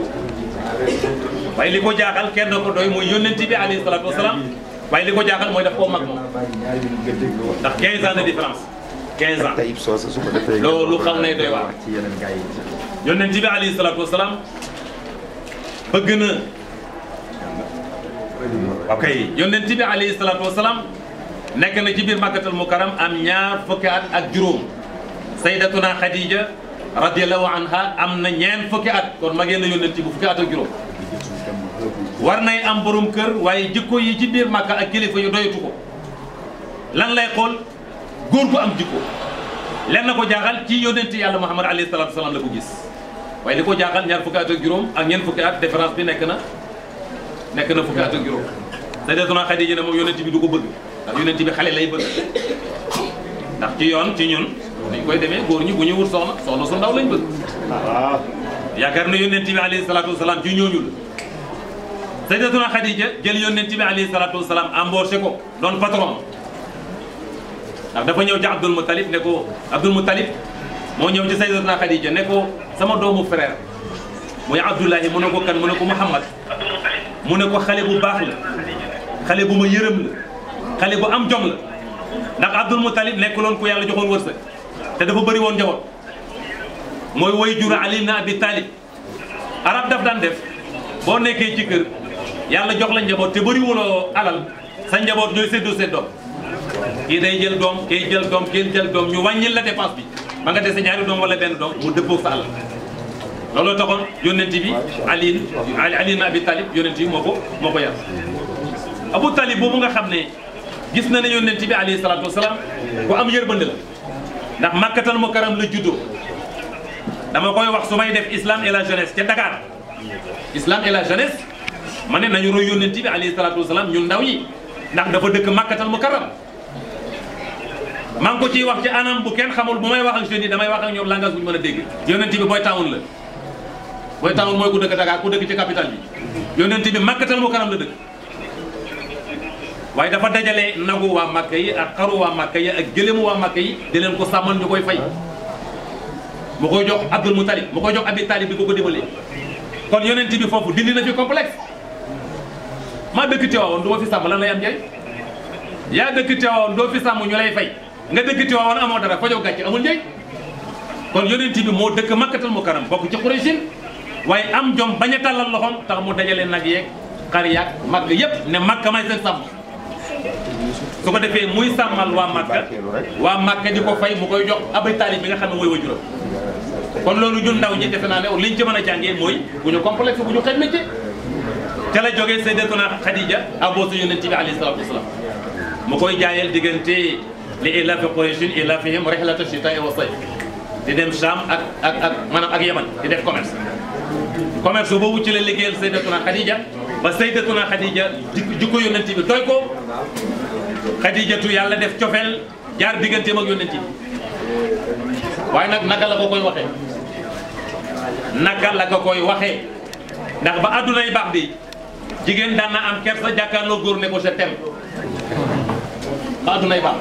waaye li ko jaaxal kenn ko doy mooy bi alayhi salaatu wasalaam waaye li ko jaaxal mooy daf koo mag moom ndax 15 ans de différence 15 ans loolu xam nay doy waar yonent bi alayhi salaatu wasalaam bëgg na ok yonent bi alayhi salaatu wasalaam nekk na ci biir màkkatal mukaram am ñaar fukki at ak juróom saydatuna xadija radiallahu anha am na ñeen fukki at kon magee na yonent bi fukki at ak juróom Warna yang am borom kër waaye jikko yi ci biir màkka ak kilifa yu doyatu ko lan lay xool góor gu am jikko lenn ko jaaxal ci yónnent yàlla muhammad alayhi salaatu salaam la ko gis ko ñaar fukki ak juróom ak ñeent fukki at bi nekk na nekk na fukki at ak juróom sayyidatuna Xadija ne moom yónnent bi du ko bëgg ndax yónnent bi xale lay bëgg ndax ci yoon ci ñun dañ koy demee góor ñi bu ñu wut soxna soxna su ndaw lañ bëgg na bi alayhi salaatu wasalaam ci ñooñu سيدتنا خديجه جيل يونتبي عليه الصلاه والسلام امبورشيكو دون باترون دا فا نييو جي عبد المطلب نيكو عبد المطلب مو نييو جي سيدتنا خديجه نيكو سما دومو فرير موي عبد الله مونوكو كان مونوكو محمد مونوكو خالي بو باخ خالي بو ما ييرم بو ام جوم لا عبد المطلب نيكولون كو يالا جوخون ورسه تا بري وون جوخ موي وي جور علي نا ابي طالب arab daf yàlla jox la njabot te bari wolo alal sa njabot ñoy séddoo seddo ki day jël dom ki jël dom ki jël dom ñu wàññil la dépense bi ba nga dese ñaari dom wala ben dom mu dëppoog sa alal lolo taxon yonenti bi Ali Ali na bi Talib yonenti moko moko ko yar Abu Talib boobu nga xamné gis na ne yonenti bi alayhi salaatu wasalaam ku am yërmande la ndax Makkatal Mukarram la juddo dama koy wax sumay def islam et la jeunesse ci Dakar islam et la jeunesse ma ne nañu roy yónnent bi alayhi salaatu wasalaam ñun ndaw yi ndax dafa dëkk màkkatal mukarram maa ngi ciy wax ci anam bu kenn xamul bu may wax ak yi damay wax ñoom langage bu ñu mën a dégg yónnent bi booy taawun la booy taawun mooy ku dëkk Dakar ku dëkk ci capital bi yónnent bi màkkatal mukarram la dëkk waaye dafa dajale nagu waa màkk yi ak xaru waa màkk yi ak gëléemu waa màkk yi di ko sàmmal ñu koy fay mu koy jox Abdul Mutalib mu koy jox Abi Talib di ko ko dimbalee kon yónnent bi foofu dindi na maa dëkk Tiwaawoon doo ma fi sàmm lan lay am njëriñ yaa dëkk Tiwaawoon doo fi sàmm ñu lay fay nga dëkk Tiwaawoon amoo dara fajoo gàcce amul njëriñ kon yonent bi moo dëkk Makkatal Mukarram bokk ci Quraysh waaye am jom bañ a tàllal loxoom tax mu dajale nag yeeg xar yaag màgg yépp ne màgg may seen sàmm su ko defee muy sàmmal waa màkka waa màkka di ko fay mu koy jox abay taalib bi nga xam ne mooy wajuram kon loolu ñun ndaw ñi defe naa ne liñ ci mën a jàngee mooy bu ñu complexe bu ñu xeeb te la jógee sayyidatuna Khadija aboosu yonent bi alayhi salaatu wasalaam mu koy jaayal diggante li ilaafi Qurayshin ilaafihim rihlata shitaa'i wa sayf di dem Sham ak ak ak maanaam ak Yaman di def commerce commerce boobu ci la liggéeyal sayyidatuna Khadija ba sayyidatuna Khadija jikko yonent bi doy ko Khadijatu yàlla def cofeel jaar digganteem ak yonent bi waaye nag naka la ko koy waxee naka la ko koy waxee ndax ba àdduna yi baax bi jigen daan na am kersa jakarlo gor ne ko je t'aime ba addunay baax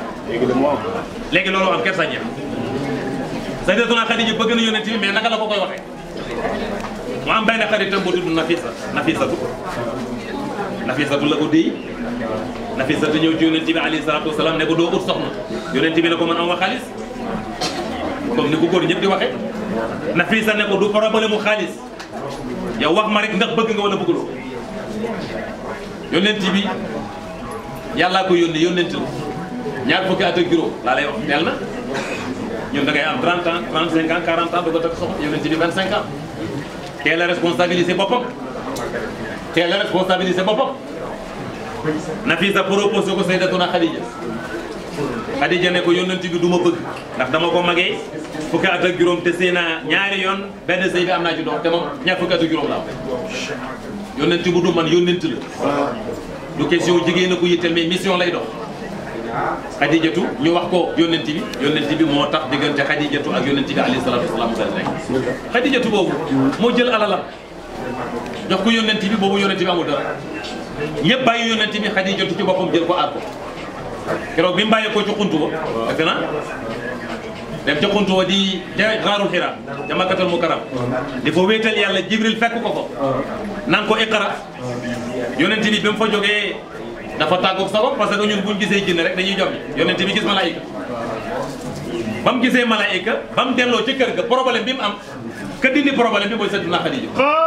léegi lolu am kersa ñeex Sayyidatuna khadija bëgg na yonenti mais naka la ko koy waxe mo am bayna benn tam bu dudu Nafisa nafisa du nafisa du la ko di nafisa du ñew ci yonenti bi alayhi salaatu wasallam ne ko do ut soxna yonenti bi ne ko man am wa khalis comme ni ko gor ñepp di waxe Nafisa ne ko du problème mu xaalis yow wax ma rek ndax bëgg nga wala bëgg bëgguloo yónneent bi yàllaa ko yónnee yónneent la ñaar fukki at ak juróom laa lay wax na ñun da ngay am 30 ans 35 ans 40 ans doog a takk soxna yónneent bi 25 ans teel a responsabilisé boppam teel a responsabilisé boppam Nafisa proposé ko Sayyidatuna Khadija Khadija ne ko yónneent bi du ma bëgg ndax dama ko magee fukki at ak juróom te sëy naa ñaari yoon benn sëy bi am naa ci te moom ñaar fukki at ak juróom la yónneent bu du man yónneent la du question jigéen a ko yitteel mais mission lay dox xadijatu ñu wax ko yónneent bi yónneent bi moo tax diggante xadijatu ak yónneent bi alayhi salaatu wasalaam seen rek xadijatu boobu moo jël alalam jox ko yónneent bi boobu yónneent bi amul dara ñëpp bàyyi yónneent bi xadijatu ci boppam jël ko aar ko keroog bi mu bàyyeekoo ci xuntu ba defe dem ci xuntoo di ja Hira, xira ca makkatal di fo wetal yalla jibril fekk ko ko nan ko iqra yonent bi ba fa joge dafa tàggoog sagom parce que ñun buñu gisee jinn rek dañuy jom yonent bi gis malaika bam mu gisee malaayika ba ci kër ga problème bi mu am ke dindi problème bi mooy Sayyidina khadija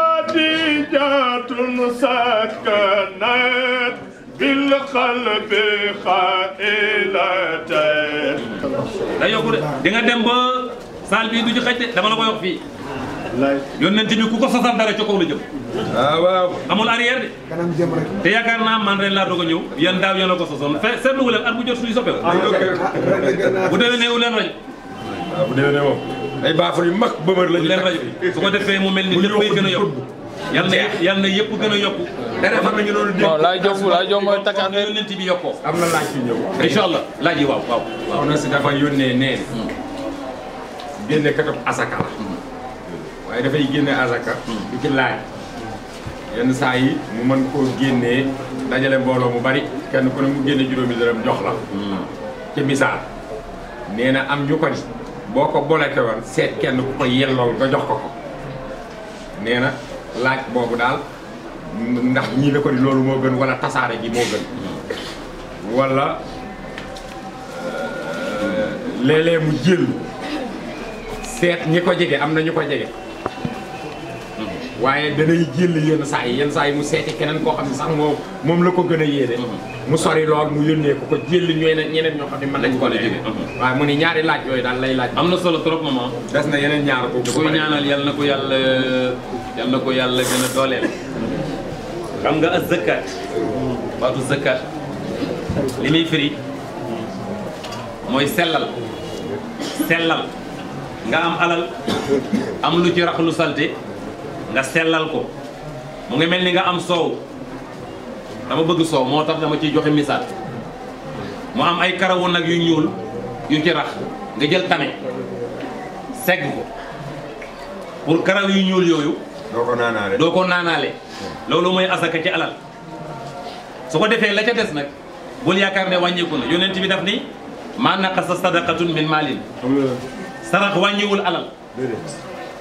tun sakkanat بالقلب خائلتين da yokku de di nga dem ba saal bii du ci xaj de dama la koy wax fii yónnent bi ku ko sosal dara ci la jëm waaw ah, waaw amul arrière de kanam te yaakaar naa man ren laa doog a ñëw yéen daaw yéen a ko sosoon fe seetlu leen at bu jot suñu soppeeku ah, ah, bu déwénee wu leen rajo waaw bu déwénee moom ay baafal yu mag bëmër la ñu leen rajo su ko defee mu mel ni léppay gën a yokk yal na yal yëpp gën a yokku. defar nañu loolu dégg. waaw laay jom mooy takkaat bi yónnent bi yokkoo. am na laaj yu ñëw. incha allah laaj yi waaw waaw. waaw si dafa yónnee nee na. Hmm. génne katub asaka la. Hmm. waaye dafay génne asaka. Hmm. du ci laaj. yenn saa yi mu mën koo génnee dajale mbooloo mu bari kenn ku ne mu génne juróomi dërëm jox la. ci misaal nee na am ñu ko ni boo ko booleke seet kenn ku ko yellool nga jox ko ko nee na. laaj boobu daal ndax ñii ne ko di loolu moo gën wala tasaare gi moo gën wala euh, léeg-léeg mu jël seet ñi ko jege am na ñu ko jege waaye danay jël yenn saa yi yenn saa yi mu seeti keneen koo xam ne sax moom moom la ko gën a yéene mhm. mu sori lool mu yónnee ko ko jël ñeneen ñeneen ñoo xam ne man nañ ko leene waaw mu ñaari laaj yooyu daal lay laaj am na solo trop maman des na yeneen ñaar ko koy ñaanal yal na ko yàlla na ko yàlla gën a dooleel xam nga ak zakat baatu zakat li muy firi mooy sellal sellal nga am alal am lu ci lu salte nga sellal ko mu ngi mel ni nga am soow dama bëgg soow moo tax dama ciy joxe misaal mu am ay karawu nag yu ñuul yu ci rax nga jël tame segg ko pour karaw yu ñuul yooyu doo ko naanaale doo ko naanaale loolu mooy asaka ci alal su ko defee la ca des nag bul yaakaar ne wàññeeku na yonent bi daf ni maa naqasa sadaqatun min maalin sarax wàññiwul alal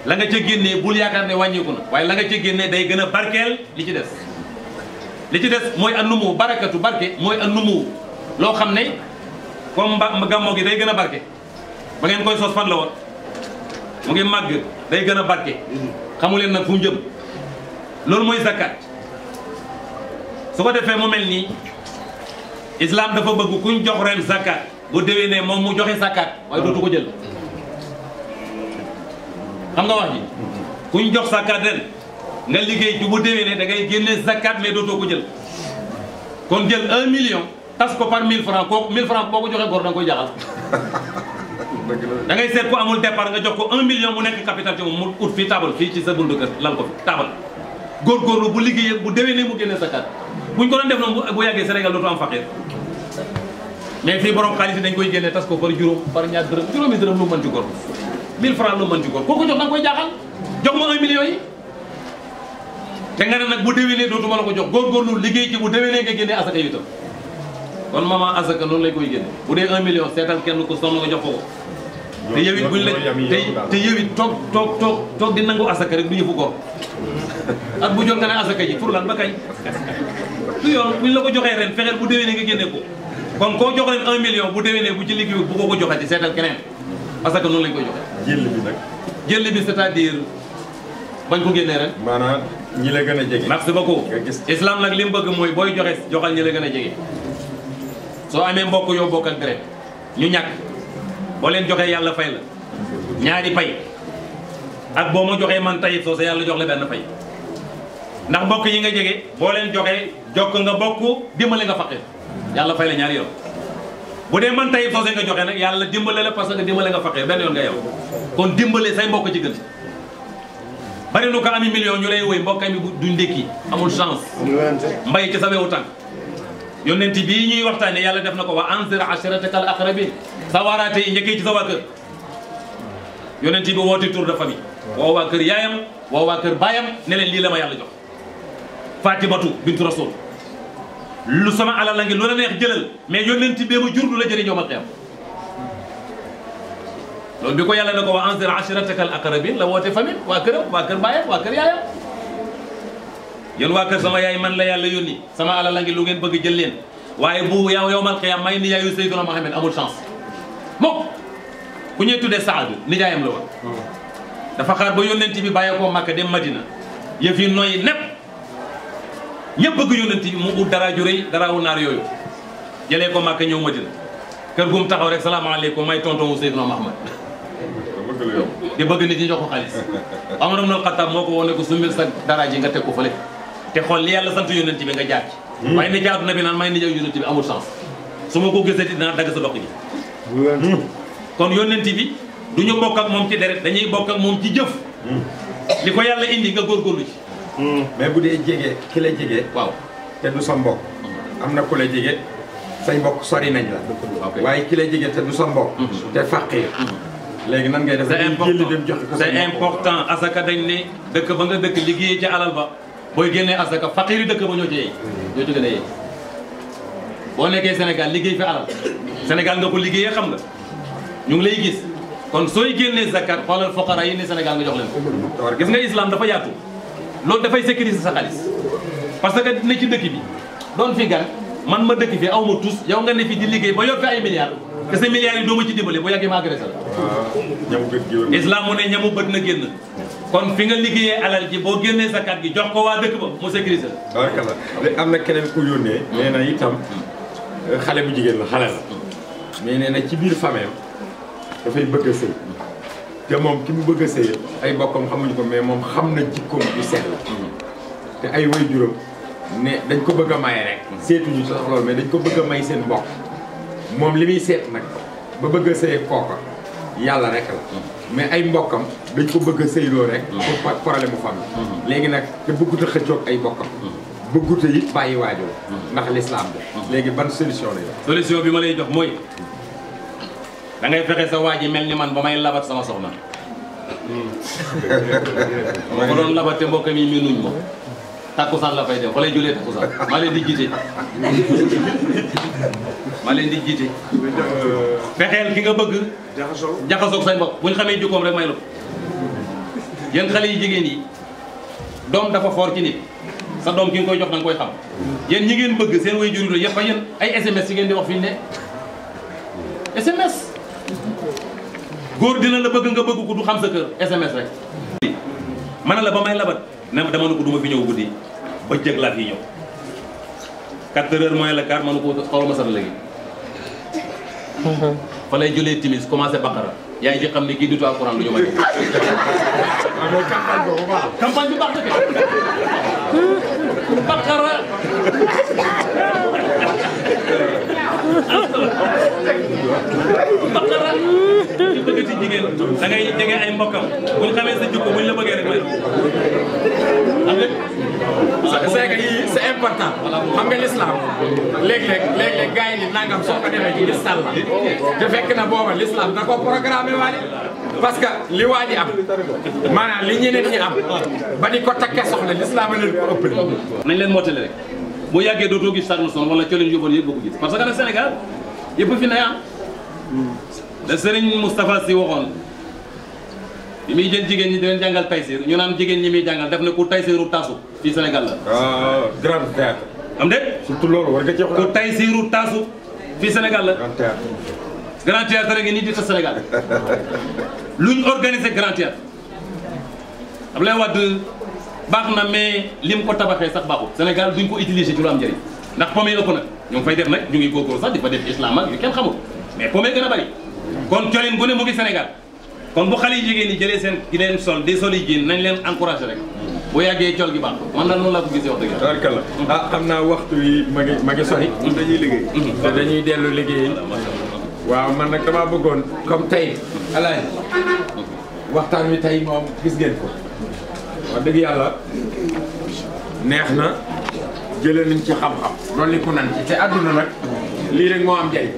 la nga ca génne bul yaakaar ne wàññeeku na waaye la nga ca génnee day gën a barkeel li ci des li ci des mooy a annumu barakatu barke mooy annumu loo xam ne comme mba gàmmoo gi day gën a barke ba ngeen koy sos fan la woon mu ngi màgg day gën a barke xamu leen nag fu mu jëm loolu mooy zakat su ko defee mu mel nii islam dafa bëgg kuñ jox ren zakat bu ne moom mu joxe zakat waaye dootu ko jël xam nga wax ji ñu jox zakat ren nga liggéey ci bu déwénee da ngay génne zakat mais dootoo ko jël kon jël un million tas ko par mille francs kooku mille boo ko joxe góor da nga koy jaxal da ngay seet ko amul départ nga jox ko un million mu nekk capital ci moom mu ut fii tabal fii ci sa buntu kër lal ko fi góor góorgóorlu bu liggéeyee bu déwénee mu génne zakat buñ ko doon def noonu bu yàggee Sénégal dootu am faqir mais fii borom xaalis yi dañ koy génne tas ko par juróom par ñaar dërëm juróomi 1000 francs la mën ci koo ko jox da nga koy jaaxal jox million yi te nga ne nag bu déwénee dootuma la ko jox góorgóorlu liggéey ci bu déwénee nga génnee asaka itam kon maman asaka noonu lañ koy génne bu dee 1 million seetal kenn ko sonn nga jox ko ko te yow it buñ la te yow it toog toog toog toog di nangu asaka rek du yëfu ko ak bu jot nga ne asaka ji pour lan ba kañ du yoon buñ la ko joxee ren fexeel bu déwénee nga génne ko kon koo jox leen 1 million bu déwénee bu ci liggéey bu ko ko joxati seetal keneen parce que noonu lañ koy joxe. jël bi nag. jël bañ ko génnee ren. maanaam ñi la gën a jege. merci beaucoup nga gis nag li mu bëgg mooy booy joxe joxal ñi la gën a jege soo amee mbokk yoo bokkal deret ñu ñàkk boo leen joxee yàlla fay la ñaari pay ak boo ma joxee man tayib soo sa yàlla jox la benn fay ndax mbokk yi nga jege boo leen joxee jokk nga bokk dimbali nga faqir yàlla fay la ñaari yoon. bu dee mën tey fose nga joxe nag yàlla dimbale la parce que dimbale nga faqir benn yoon nga yow kon dimbale say mbokk ci bari nu ko ami million ñu lay woy mbokk mi du ndékki amul chance mbay ci sa wewu tànk yonent bii ñuy waxtaane yàlla def na ko wa anzir ashirataka al aqrabin i waaraate yi njëkkee ci sa waa kër yonent bi woote tour de famille woo waa kër yaayam woo kër baayam ne leen lii la ma yàlla jox fatimatu bintu rasul lu sama ala la ngi lu la neex jeelal mais yónnent bee ma jur du la jeri ñoma xew loolu bi ko yàlla nako wa anzir ashiratakal aqrabin la wote famit wa këram wa kër baye wa kër yaaya yéen wa kër sama yaay man la yàlla yoni sama ala la ngi lu ngeen bëgg jeel leen waye bu yaw yowmal qiyam may ni yaay sayyiduna muhammad amul chance mok ku ñe tuddé saad ni jaayam la woon dafa xaar ba yónnent bi baye ko Makka dem Madina yëf yi nooyi nepp ñëpp bëgg yónnent bi mu ut dara ju rëy dara wu naar yooyu jëlee ko Màkka ñëw ma Madina kër gu mu taxaw rek salaamaaleykum may tonton wu Seydina Muhammad di bëgg nit ñi jox ko xaalis a ibn Khattab moo ko woon ko ko sumil sa dara ji nga teg ko fële te xool li yàlla sant yónnent bi nga jaar ci waaye hmm. ne jaadu na bi naan may ni jaw yónnent bi amul sens su ma ko gisati dinaa dagg sa dox ji hmm. kon yónnent bi du ñu bokk ak moom ci deret dañuy bokk ak moom ci jëf hmm. li ko yàlla indi nga góorgóorlu ci mais bu dee jege ki la jege. waaw te du sa mbokk. am na ku la jege say mbokk sori nañ la. waaye ki la jege te du sa mbok mhm. te faqir. léegi nan ngay def c'est important asaka dañ ne dëkk ba nga dëkk liggéeyee ca alal ba booy génnee asaka faqir dëkk ba ñoo ci ñoo ci gën a boo nekkee Sénégal liggéey fi alal Sénégal nga ko liggéeyee xam nga ñu ngi lay gis kon sooy génnee zakat xoolal foqara yi ne Sénégal nga jox leen ko gis nga islam dafa yaatu loolu dafay sécuriser sa xaalis parce que dina ci dëkk bi doon fi gan man ma dëkk fi aw ma tous yow nga ne fi di liggéey ba yor fi ay milliards te sa milliards yi doo ma ci dimbale bu yàggee ma agressé la ah, islam mu ne ñamu bët na génn kon fi nga liggéeyee alal ji boo génnee sa kat gi jox ko waa dëkk ba mu sécuriser la barakallah léegi am na keneen ku yónnee nee itam xale bu jigéen la xale la mais nee na ci biir famille dafay bëgg a te moom ki mu bëgg a sëy ay bokkam xamuñu ko mais moom xam na jikkoom ju sell te ay way juróom ne dañ ko bëgg a may rek seetuñu sax mais dañ ko bëgg a may seen mbokk moom li muy seet nag ba bëgg a sëy kooka yàlla rek la mais ay mbokkam dañ ko bëgg a sëyloo rek pour problème mu famille léegi nag te bëggut a ay mbokkam bëggut a it bàyyi waajoo ndax lislaam bi léegi ban solution la solution bi ma lay jox mooy da ngay fexe sa waa ji mel ni man ba may labat sama soxna ma ko doon labat te mbokk mi mënuñ ma takkusaan la fay dem fa julee takkusaan maa leen di jiite maa leen di jiite fexeel ki nga bëgg jaxasoog say mbokk bu ñu xamee jukkoom rek may lu yéen xale yi jigéen yi doom dafa foor ci nit sa doom ki nga koy jox danga koy xam yéen ñi ngeen bëgg seen way jur yi yëpp a ay SMS yi ngeen di wax fi ñu ne SMS góor dina la bëgg nga bëgg ko du xam sa kër SMS rek. ma ne la ba may labat ne dama ne ko du fi ñëw guddi ba jëg laa fi ñëw 4 heures moins le quart ma ne ko xaw ma sat léegi. fa lay jëlee timis commencé baqara yaa ngi xam ne kii dutu alxuraan du ñu ma jox. campagne bi baax baqara ñu bëgg ci jigéen da ngay jege ay mbokkam bu ñu xamee sa jikko bu ñu la bëggee rek may c'est que yii c'est important xam nga l'islam léeg-léeg léeg-léeg gars yi ni nangam soo di defee ci listal la te fekk na booba l'islam da ko programmé waale parce que li waa ji am maanaam li ñeneen ñi am ba di ko takkee soxla l'islam a leen ko ëppale nañ boo yàggee dootoo gis Charles Son wala coleen yóbboon yëpp boo ko gis parce que nag Sénégal yëpp fi ne ah da Serigne Moustapha Sy waxoon bi muy jël jigéen ñi di jàngal taysir ñu naan jigéen ñi muy jàngal def na ku taysiru taasu fii Sénégal la ah, grand théâtre am de surtout loolu war taasu fii Sénégal la grand théâtre grand théâtre a ngi di sa Sénégal luñ organisé grand théâtre Abdoulaye Wade baxna mais lim ko tabaxé sax baxu Sénégal duñ ko utiliser ci lu am jëri ndax pomé lako nak ñong fay def nak ñu ngi góorgóorlu sax di fa def islam ak yu kenn xamul mais pomé gëna bari kon colin bu ne mu ngi Sénégal kon bu xali jigen ni jëlé sen seen di leen sol des sol nañ leen encourager rek bu yagge ciol gi baax man la noonu la ko gisee wax dëgg yàlla. barkalla mm-hmm. ah xamna waxtu yi ma ngi ma ngi sori. Mm-hmm. dañuy liggéey. Mm-hmm. te dañuy dellu liggéey. waaw man nak dama bëggoon comme tay alaay waxtan wi tay mom gis ngeen ko wax dëgg yàlla neex na jëlee nañ ci xam-xam dolli ko nan ci te àdduna nag lii rek moo am njariñ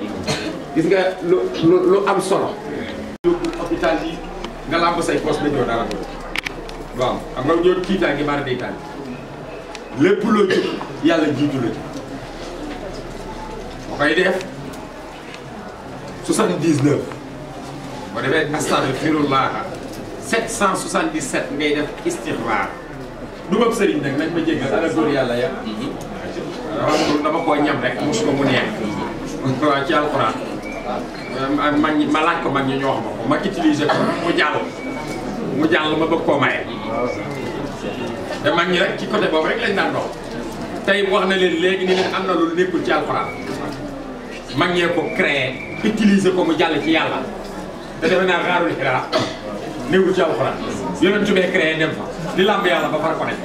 gis nga lu lu am solo yóbbu hôpital yi nga làmb say poos dañoo dara waaw xam nga ñoon kiitaa ngi bari day taal lépp loo jóg yàlla jiitu la ci boo koy def soixante-dix-neuf boo defee astaghfirullah 777 ngay def istixfaar dugub sëriñ nag nañ ma jéggal ala góor yàlla ya waaw koo ñam rek mus ko mu neex. waaw ci alxuraan. ma ma ko mag ñi ñu wax ko ma utiliser ko mu jàll. mu jàll ma bëgg koo maye. te mag ñi rek ci côté boobu rek lañ daan doon. tey wax na leen léegi ni leen am na lu nekkul ci alxuraan. mag ñee ko créé utiliser ko mu jàll ci yàlla. te defe naa raarul xiraa néewul ci alxuraan yonent bee créé dem fa di làmb yàlla ba far ko def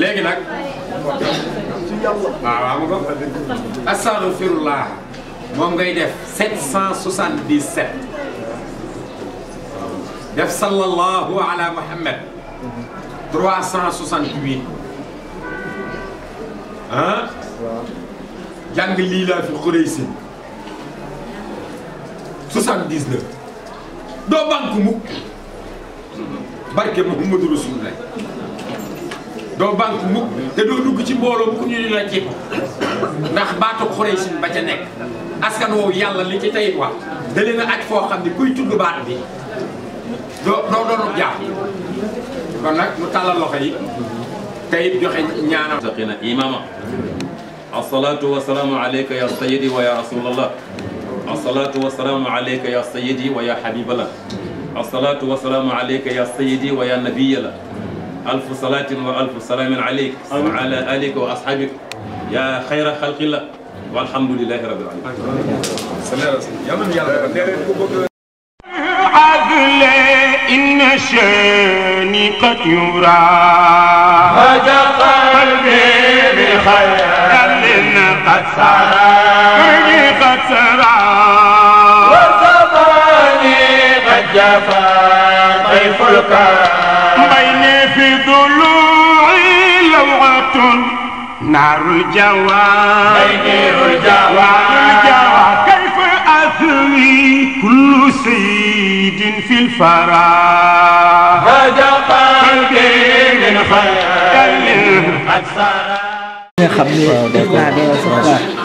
léegi nag waaw waaw ma ko astaghfirullah moom ngay def 777 def sallallahu ala muhammad 368 ah barke Muhammadu Rasulullah do bank mu te do dug ci mbooloo ku ñu la ci ndax baatu quraysh ba ca nek askan wo yàlla li ci tayit wax da leena acc fo xamni kuy tuddu baat bi do do do ja kon nak mu talal loxo yi tey joxe ñaanam taqina imama الصلاة والسلام عليك يا سيدي ويا رسول الله الصلاة والسلام عليك يا سيدي ويا حبيب الله الصلاة والسلام عليك يا سيدي ويا نبي الله ألف صلاة وألف سلام عليك وعلى آلك وأصحابك يا خير خلق الله والحمد لله رب العالمين عذل إن شاني قد يرى هذا قلبي بخير قد سرى قد سرى الجفا طيف الكرم بين في ضلوعي لوعة نار الجوى بين الجوى كيف أثني كل سيد في الفرا هدى قلبي من خير قد سرى nga xam ne xibaar yi dafa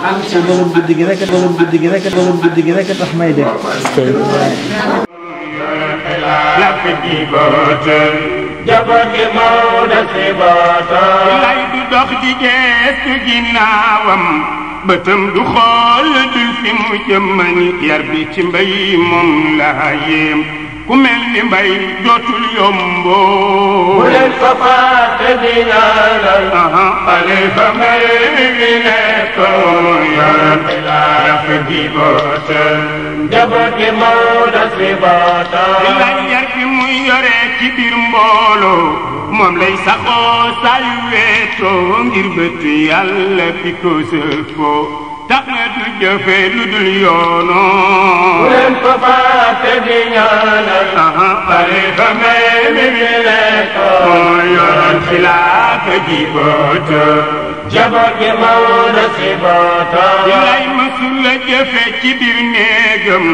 baax borom guddi gi rek لك جيبات جبك مودة سباتا lay du dox di geestu ginnaawam bëtam du xool dul fi mu jëmmani yar bi ci mbay moom laa yéem ku mel ni mbay dootul yomboo. bu leen ko fàtte di ñaanal. xalifa mbay mi nekkoon yàlla la rafet bi bootal. njaboot gi Maodo si yar bi muy yore ci mbooloo moom lay saxoo saa yu weetoo ngir bëtt yàlla bi ko sëfoo. tax na du jëfe lu dul yoono bu leen ko fàtte di ñaanal tarixa may mi mi lekko moo yoroon xilaafa ji boota jaboot gi mawna si boota lay masul la jëfe ci biir néegam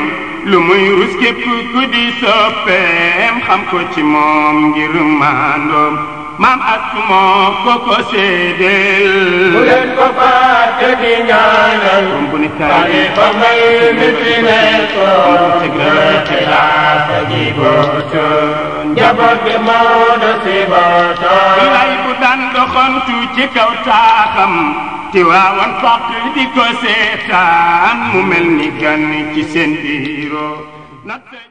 lu muy rus képp ku di soppeem xam ko ci moom ngir maandoom maam ak moo ko ko séedéel. bu leen ko fàtte di ñaanal. bu ni taali ba mbay mi fi nekkoon. gerte laata ji bootoon. njaboot gi Maodo si bootoon. lay bu daan doxantu ci kaw taaxam. te waawoon fàq di ko seetaan mu mel ni gan ci seen